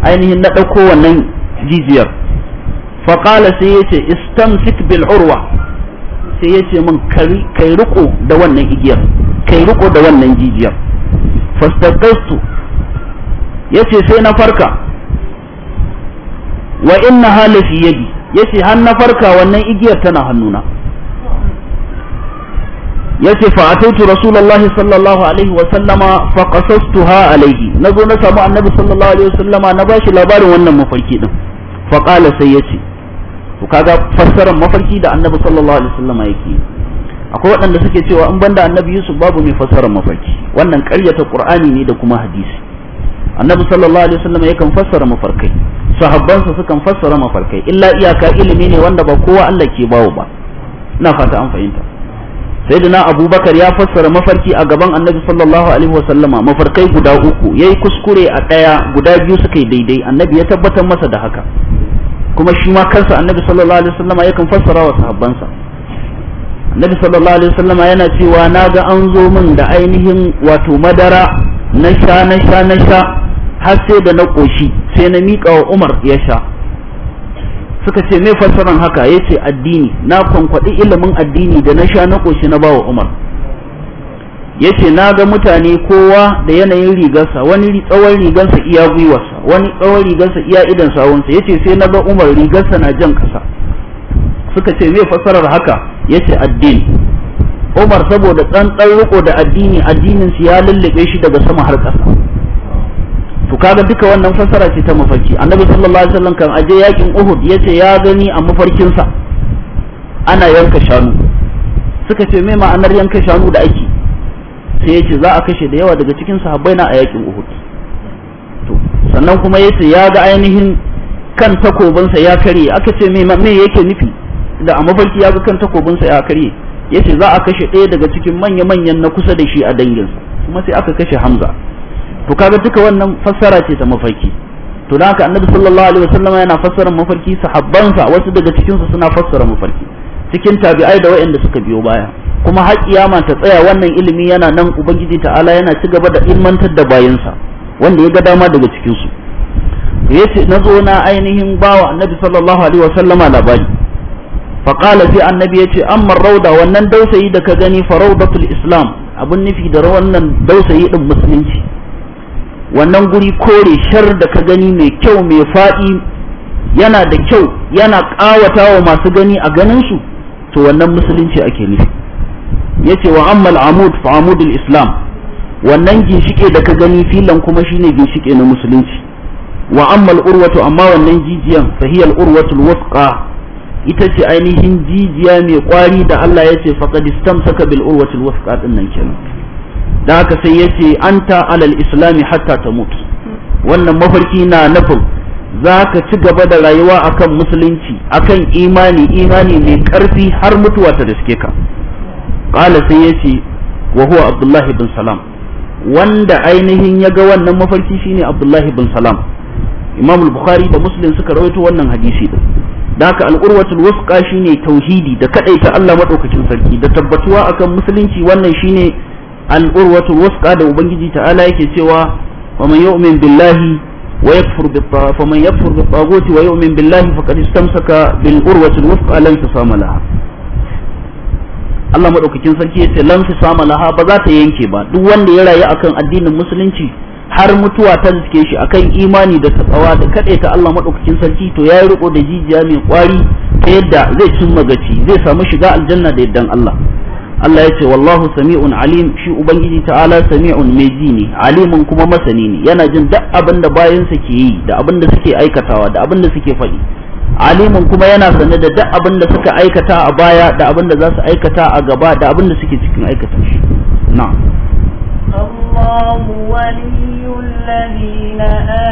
ainihin na dauko wannan jijiyar faƙala sai ya ce istamsik bil urwa sai ya ce min kai riko da wannan igiyar kai riko da wannan jijiyar fastaqastu ya ce sai na farka wa inna halafi yadi ya ce har na farka wannan igiyar tana hannuna ya ce fa'ataitu rasulullahi sallallahu alaihi wasallama faƙasastuha alaihi na zo na samu annabi sallallahu alaihi wasallama na ba shi labarin wannan mafarki ɗin faƙala sai ya ce to kaga fassarar mafarki da annabi sallallahu alaihi wasallam yake akwai waɗanda suke cewa in banda annabi yusuf babu mai fassarar mafarki wannan ƙaryata qur'ani ne da kuma hadisi annabi sallallahu alaihi wasallam yakan fassara mafarkai sahabbansa sukan fassara mafarkai illa iyaka ilimi ne wanda ba kowa Allah ke bawo ba ina fata an fahimta sayyidina abubakar ya fassara mafarki a gaban annabi sallallahu alaihi wasallama mafarkai guda uku yayi kuskure a daya guda biyu suka yi daidai annabi ya tabbatar masa da haka kuma shi ma kansa annabi sallallahu alaihi wasallama yakan fassara wa sahabbansa annabi sallallahu alaihi wasallama yana cewa na ga an zo min da ainihin wato madara na sha na sha na sha har sai da na koshi sai na miƙa wa Umar ya sha suka ce me fassaran haka yace addini na kwankwaɗi ilimin addini da na sha na koshi na bawa Umar yace na ga mutane kowa da yanayin rigarsa wani tsawon rigarsa iya gwiwarsa wani tsawon rigarsa iya idan sawunsa yace sai na ga umar rigarsa na jan kasa suka ce me fasarar haka yace addini umar saboda dan riko da addini addinin shi ya lullube shi daga sama har kasa to kaga duka wannan fasara ce ta mafarki annabi sallallahu alaihi wasallam kan aje yakin uhud yace ya gani a mafarkinsa ana yanka shanu suka ce me ma'anar yanka shanu da ake sai ya ce za a kashe da yawa daga cikin sahabbai na a yakin uhud to sannan kuma ya ce ya ga ainihin kan takobinsa ya karye aka ce me me yake nufi da a mafarki ya ga kan takobinsa ya karye ya ce za a kashe ɗaya daga cikin manya-manyan na kusa da shi a danginsa kuma sai aka kashe hamza to kaga duka wannan fassara ce ta mafarki to da haka annabi sallallahu alaihi wasallama yana fassara mafarki sahabbansa wasu daga cikinsu suna fassara mafarki cikin tabi'ai da waɗanda suka biyo baya kuma har kiyama ta tsaya wannan ilimi yana nan ubangiji ta'ala yana ci gaba da ilmantar da bayinsa wanda ya ga dama daga cikin su yace zo na ainihin bawa annabi sallallahu alaihi wasallama labari fa qala fi annabi yace amma rauda wannan dausayi da ka gani fa raudatul islam abun nufi da wannan dausayi din musulunci wannan guri kore shar da ka gani mai kyau mai fadi yana da kyau yana ƙawata wa masu gani a ganin su to wannan musulunci ake nufi yace wa ammal amud fa amudul islam wannan ginshike da ka gani filan kuma shine ginshike na musulunci wa ammal urwatu amma wannan jijiyan fa hiya al ita ce ainihin jijiya mai kwari da Allah yace faqad istamsaka bil urwatil wuthqa din nan kenan da haka sai yace anta alal islami hatta tamut wannan mafarki na nufin za ka ci gaba da rayuwa akan musulunci akan imani imani mai karfi har mutuwa ta riske ka ƙala sai ya ce wa huwa abdullahi bin salam wanda ainihin ya ga wannan mafarki shine abdullahi bin salam imam bukhari da muslim suka rawaito wannan hadisi da haka al'urwatul wusqa shine tauhidi da kaɗai ta Allah madaukakin sarki da tabbatuwa akan musulunci wannan shine al'urwatul wusqa da ubangiji ta'ala yake cewa wa man yu'min billahi ويكفر بالطاغوت فمن يكفر بالطاغوت ويؤمن بالله فقد استمسك بالقروة الوثقى لا انفصام لها Allah maɗaukakin sarki ce lan fi sama laha ba za ta yanke ba duk wanda ya rayu akan addinin musulunci har mutuwa ta riske shi akan imani da tsawa da kaɗai ta Allah maɗaukakin sarki to yi riko da jijiya mai kwari ta yadda zai cimma gaci zai samu shiga aljanna da yaddan Allah Allah ya ce wallahu sami'un alim shi ubangiji ta'ala sami'un mai ji ne alimin kuma masani ne yana jin duk abin da bayansa ke yi da abin da suke aikatawa da abin da suke faɗi alimin kuma yana sane da duk abin da suka aikata a baya da abin da za su aikata a gaba da abin da suke cikin aikata shi na'am الله ولي الذين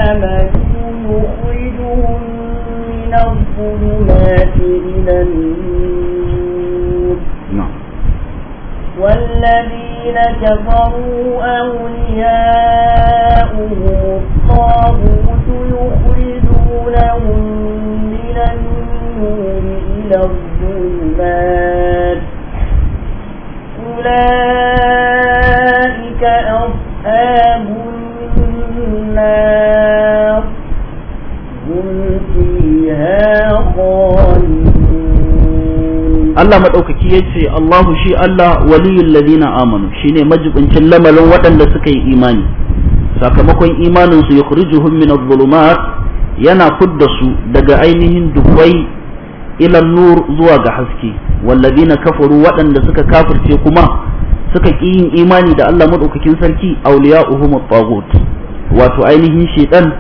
آمنوا يخرجهم من الظلمات إلى النور والذين كفروا أولياؤهم الطاغوت يخرجونهم من النور إلى الظلمات أولئك Allah maɗaukaki ya ce Allahu shi Allah waliyul ladina amanu shine majibincin lamarin waɗanda suka yi imani sakamakon imanin su yukhrijuhum min adh-dhulumat yana fudda su daga ainihin dukwai ila nur zuwa ga haske ladina kafaru waɗanda suka kafirce kuma suka ƙi yin imani da Allah maɗaukakin sarki awliya'uhum at-taghut wato ainihin shaitan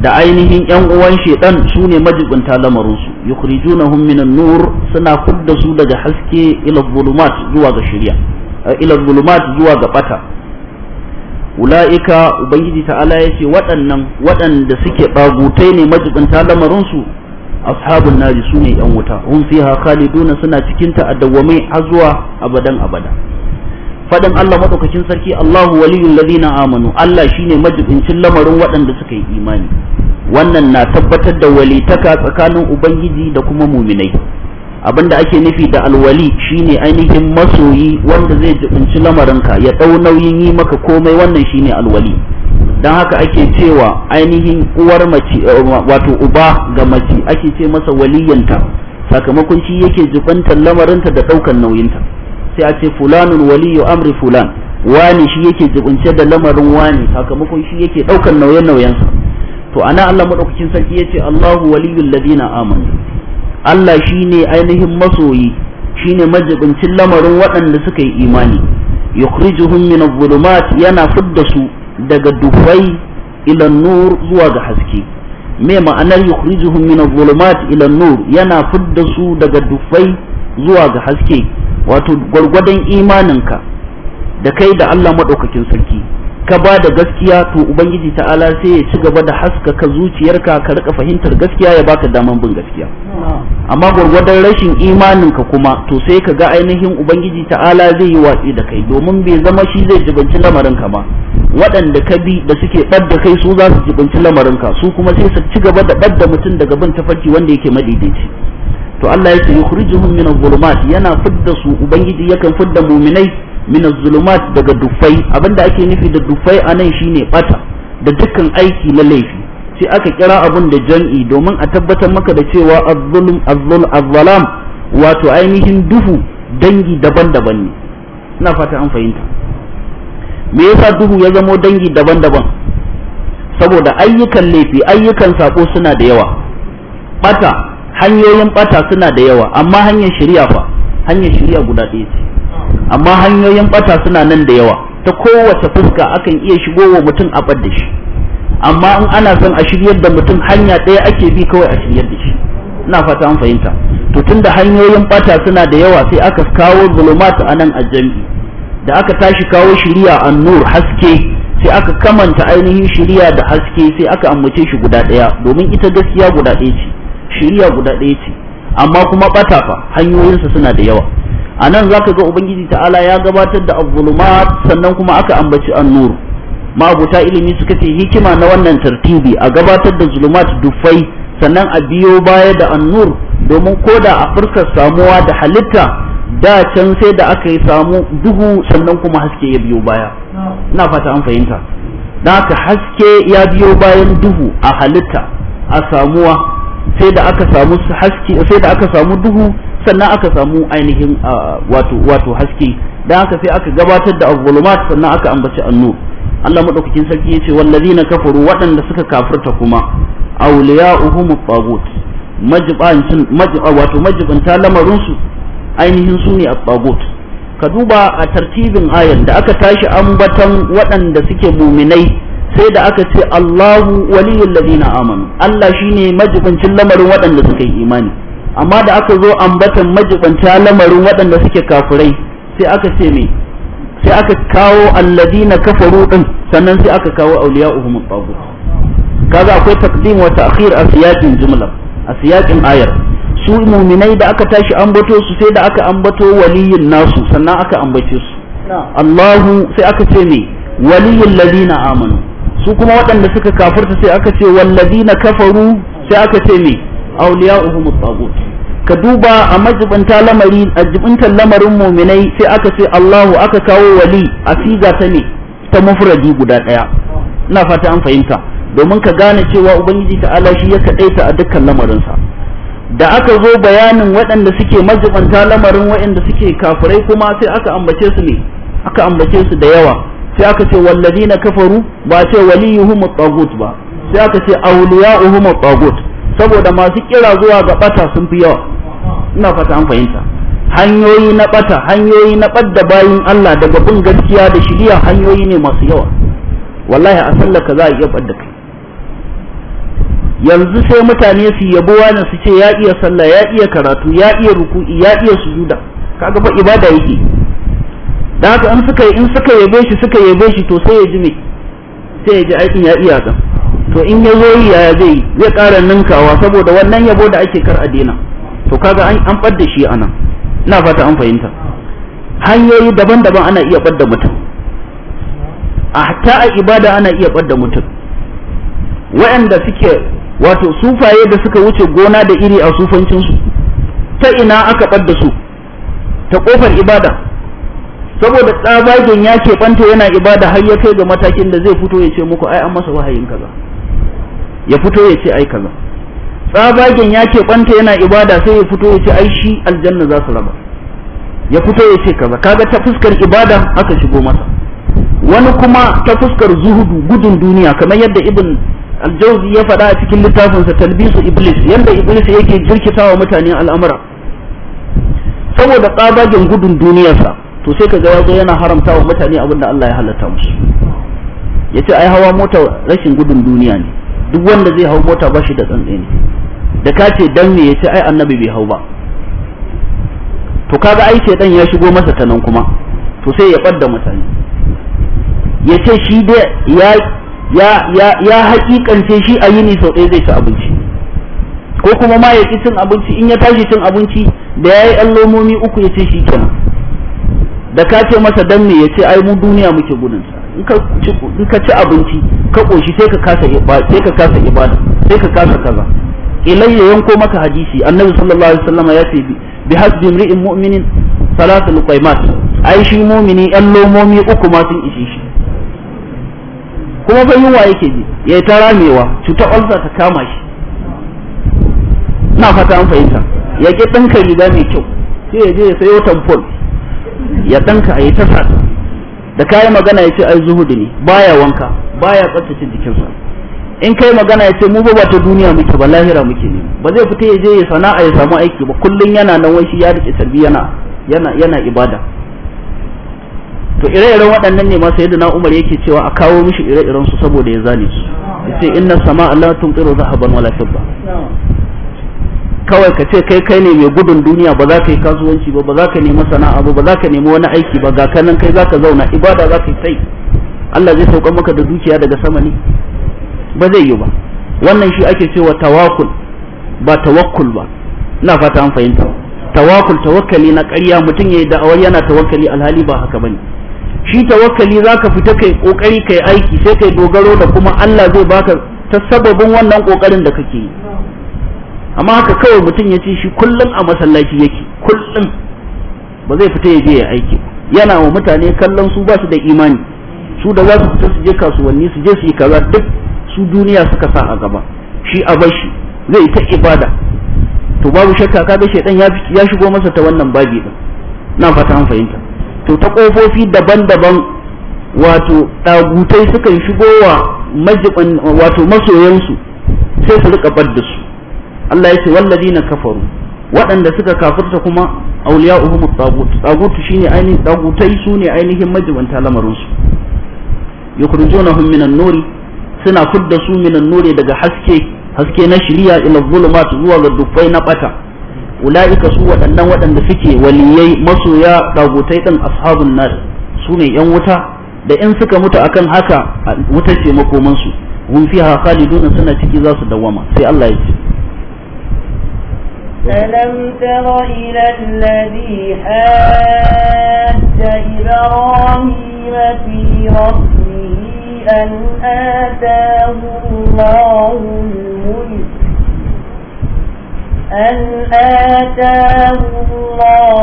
da ainihin yan uwan shedan su ne majibinta lamarinsu yukhrijunahum minan nur suna kudda su daga haske ila zulumat zuwa ga shari'a eh, ila zuwa ga bata ula'ika ubangiji ta'ala ya ce waɗannan waɗanda suke bagutai ne majibinta lamarinsu ashabun nari su ne yan wuta hun fiha khaliduna suna cikin ta adawwame har zuwa abadan abada fadin Allah madaukakin sarki Allahu waliyul ladina amanu Allah shine majibincin lamarin waɗanda suka yi imani wannan na tabbatar da walitaka tsakanin ubangiji da kuma muminai abinda ake nufi da alwali shine ainihin masoyi wanda zai jibinci lamarinka ya dau nauyin yi maka komai wannan shine alwali dan haka ake cewa ainihin uwar mace eh, wato uba ga mace ake ce masa waliyanta sakamakon shi yake jibantar lamarinta da ɗaukar nauyinta sai a ce fulanun waliyu amri fulan wani shi yake jibince da lamarin wani sakamakon shi yake daukar nauyen nauyensa to ana Allah madaukakin sarki yace Allahu waliyul ladina amanu Allah shine ainihin masoyi shine majibincin lamarin waɗanda suka yi imani yukhrijuhum min adh-dhulumat yana fidda su daga dufai ila nur zuwa ga haske me ma'anar yukhrijuhum min adh-dhulumat ila nur yana fidda su daga dufai zuwa ga haske wato gwargwadon imaninka da kai da Allah maɗaukakin sarki ka ba da gaskiya to ubangiji ta'ala sai ya ci gaba da haskaka zuciyarka ka rika fahimtar gaskiya ya baka daman bin gaskiya amma gwargwadon rashin imaninka kuma to sai ka ga ainihin ubangiji ta'ala zai yi watsi da kai domin bai zama shi zai jibanci lamarinka ba waɗanda ka bi da suke ɓadda kai su za su jibanci lamarinka su kuma sai su ci gaba da ɓadda mutum daga bin tafarki wanda yake madaidaici to Allah yake yukhrijuhum min adh-dhulumat yana fidda su ubangiji yakan fidda mu'minai min adh-dhulumat daga dufai abinda ake nufi da dufai anan shine bata da dukkan aiki na laifi sai aka kira abun da jam'i domin a tabbatar maka da cewa adh-dhulm adh-dhalam wato ainihin duhu dangi daban-daban ne ina fata an fahimta me yasa duhu ya zamo dangi daban-daban saboda ayyukan laifi ayyukan sako suna da yawa bata hanyoyin bata suna da yawa amma hanyar shari'a fa hanyar shari'a guda ɗaya ce amma hanyoyin bata suna nan da yawa ta kowace fuska akan iya shigo wa mutum a bar da shi amma in ana son a shiryar da mutum hanya ɗaya ake bi kawai a shiryar da shi ina fata an fahimta to tunda hanyoyin bata suna da yawa sai aka kawo zulumatu a nan a jam'i da aka tashi kawo shiriya an nur haske sai aka kamanta ainihin shiriya da haske sai aka ambace shi guda ɗaya domin ita gaskiya guda ɗaya ce shiriya guda ɗaya ce amma kuma ɓata fa hanyoyinsa suna da yawa a nan za ka ga ubangiji ta'ala ya gabatar da abuluma sannan kuma aka ambaci annur mabuta ilimi suka ce hikima na wannan tartibi a gabatar da zulumat dufai sannan a biyo baya da annur domin ko da a fuskar samuwa da halitta da can sai da aka yi samu duhu sannan kuma haske ya biyo baya ina fata an fahimta da haka haske ya biyo bayan duhu a halitta a samuwa sai da aka samu haske sai da aka samu duhu sannan aka samu ainihin wato wato haske dan haka sai aka gabatar da az-zulumat sannan aka ambaci annu Allah madaukakin sarki yace wallazina kafaru waɗanda suka kafirta kuma awliya'uhum at-tagut majibancin wato majibanta lamarin su ainihin su ne at-tagut ka duba a tartibin ayan da aka tashi ambatan waɗanda suke muminai sai da aka ce Allahu waliyul ladina amanu Allah shine majibancin lamarin waɗanda suka yi imani amma da aka zo ambatan majibanta lamarin waɗanda suke kafirai sai aka ce me sai aka kawo alladina kafaru din sannan sai aka kawo awliya'uhum at-taghut kaga akwai taqdim wa ta'khir a siyakin jumla a siyakin ayar su mu'minai da aka tashi ambato su sai da aka ambato waliyin nasu sannan aka ambace su Allahu sai aka ce me waliyul ladina amanu su kuma waɗanda suka kafirta sai aka ce na kafaru sai aka ce me auliya at-taghut ka duba a majibinta lamari a lamarin muminai sai aka ce Allahu aka kawo wali a siga ta ne ta mufradi guda ɗaya ina fata an fahimta domin ka gane cewa ubangiji ta'ala shi ya kaɗaita a dukkan lamarinsa da aka zo bayanin waɗanda suke majibanta lamarin waɗanda suke kafirai kuma sai aka ambace su ne aka ambace su da yawa sai aka ce walladina kafaru ba ce waliyuhum at-tagut ba sai aka ce awliya'uhum at-tagut saboda masu kira zuwa ga bata sun fi yawa ina fata an fahimta hanyoyi na bata hanyoyi na badda bayin Allah daga bin gaskiya da shiriya hanyoyi ne masu yawa wallahi a sallaka za a iya badda kai yanzu sai mutane su yabo wani su ce ya iya sallah ya iya karatu ya iya ruku'i ya iya sujuda kaga fa ibada yake da haka in suka in suka yabe shi suka yabe shi to sai ya ji me sai ya ji aikin ya iya kan to in ya zo ya zai zai ƙara ninkawa saboda wannan yabo da ake kar a daina to kaga an an bar da shi anan ina fata an fahimta hanyoyi daban-daban ana iya bar da mutum a hatta a ibada ana iya bar da mutum waɗanda suke wato sufaye da suka wuce gona da iri a sufancinsu ta ina aka bar da su ta kofar ibada saboda tsabagen ya keɓanta yana ibada har ya kai ga matakin da zai fito ya ce muku ai an masa wahayin kaza ya fito ya ce ai kaza tsabagen ya keɓanta yana ibada sai ya fito ya ce ai shi aljanna za su raba ya fito ya ce kaza kaga ta fuskar ibada aka shigo masa wani kuma ta fuskar zuhudu gudun duniya kamar yadda ibn aljauzi ya faɗa a cikin littafinsa talbisu iblis yadda iblis yake jirkitawa mutane al'amura saboda tsabagen gudun duniyarsa to sai kaga yazo yana haramta wa mutane abinda Allah ya halatta musu yace ai hawa mota rashin gudun duniya ne duk wanda zai hau mota bashi da ne da kace ce dan ne yace ai annabi bai hau ba to kaga ai dan ya shigo masa ta nan kuma to sai ya badda mutane yace shi da ya ya ya ya hakikance shi a yini sau ɗaya zai ci abinci ko kuma ma ya ci cin abinci in ya tashi cin abinci da yayi allomomi uku yace shi kenan da ka ce masa dan me yace ai mu duniya muke gudun sa in ka ci in ka ci abinci ka koshi sai ka kasa ibada sai ka kasa ibada sai ka kasa kaza ilayya yanko maka hadisi annabi sallallahu alaihi wasallam ya ce bi hasbi imri'in mu'minin salatu luqaymat ai shi mu'mini yan lomomi uku ma sun ishi shi kuma bai wa yake ji ya ta ramewa cuta ulsa ta kama shi na fata an fahimta ya ki kai riga mai kyau sai ya je ya sayo tamfol ya danka a yi ta sa da kayi magana ya ce ai zuhudu ne baya wanka baya tsaftace jikinsa in kai magana ya ce mu ba ta duniya muke ba lahira muke ne ba zai fita ya je ya sana'a ya samu aiki ba kullun yana nan wai ya rike tarbi yana yana yana ibada to ire-iren waɗannan ne ma sayyidina Umar yake cewa a kawo mishi ire-iren su saboda ya zane su yace inna sama'a la tunqiru zahaban wala fidda kawai ka ce kai kai ne mai gudun duniya ba za ka yi kasuwanci ba ba za ka nemi sana'a ba ba za ka nemi wani aiki ba ga kanan kai za ka zauna ibada za ka yi sai Allah zai sauka maka da dukiya daga sama ne ba zai yi ba wannan shi ake cewa tawakul ba tawakkul ba ina fata an fahimta tawakul tawakkali na ƙarya mutum yi da'awar yana tawakkali alhali ba haka bane shi tawakkali za ka fita kai kokari kai aiki sai kai dogaro da kuma Allah zai baka ta sababin wannan kokarin da kake yi amma haka kawai mutum ya ci shi kullum a masallaci yake kullum ba zai fita ya je ya aiki yana wa mutane kallon su ba su da imani su da za su fita su je kasuwanni su je su yi kaza duk su duniya suka sa a gaba shi a bashi zai ta ibada to babu shakka kaga shaidan ya ya shigo masa ta wannan babi din na fata an fahimta to ta kofofi daban-daban wato dagutai suka shigo wa majibin wato masoyansu sai su rika bar da su Allah ya ce wallazina kafaru waɗanda suka kafirta kuma awliya'uhum at-tagut shine ainihin tagutai sune ainihin majibanta lamarin su yukhrijunahum minan nuri suna fudda su minan nuri daga haske haske na shiriya ila zulumat zuwa ga dufai na bata ula'ika su waɗannan waɗanda suke waliyai masoya tagutai din ashabun nar sune yan wuta da in suka mutu akan haka wuta ce makomansu su hum fiha khalidun suna ciki za su dawama sai Allah ya ce ألم تر إلى الذي حاج إبراهيم في ربه أن آتاه الله الملك أن آتاه الله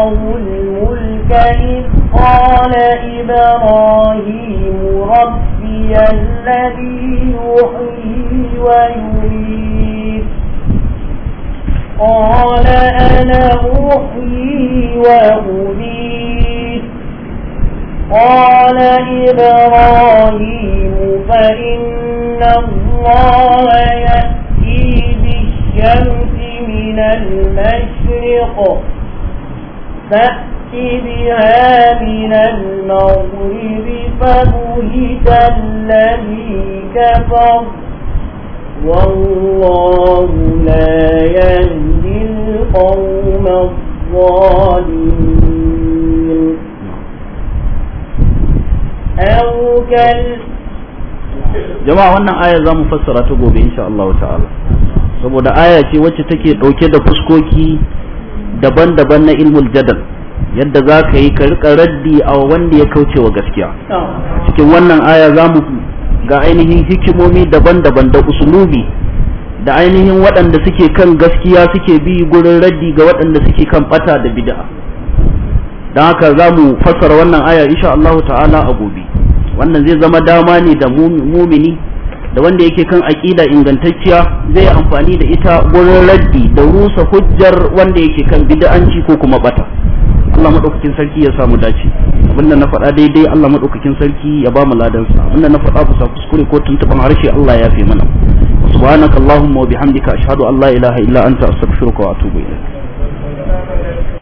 إبراهيم فإن الله يأتي بالشمس من المشرق فأت بها من المغرب فبهت الذي كفر والله لا يهدي القوم الظالمين jama'a wannan aya zamu mu fassara ta gobe insha Allah ta'ala saboda aya ce wacce take ɗauke da fuskoki daban-daban na ilmul jadal yadda za ka yi karka raddi a wanda ya kauce wa gaskiya oh. cikin wannan aya za mu ga ainihin hikimomi daban-daban da usulubi da ainihin waɗanda suke kan gaskiya suke bi gurin raddi ga waɗanda suke kan bata da bid'a don haka za mu fassara wannan aya insha Allah ta'ala a gobe wannan zai zama dama ne da mumini da wanda yake kan aƙida ingantacciya zai amfani da ita wurin raddi da rusa hujjar wanda yake kan bid'anci ko kuma bata Allah madaukakin sarki ya samu dace abinda na faɗa daidai Allah madaukakin sarki ya ba mu ladan sa abinda na faɗa kusa kuskure ko tuntuban harshe Allah ya fi mana subhanakallahumma wa bihamdika ashhadu an la ilaha illa anta astaghfiruka wa atubu ilayk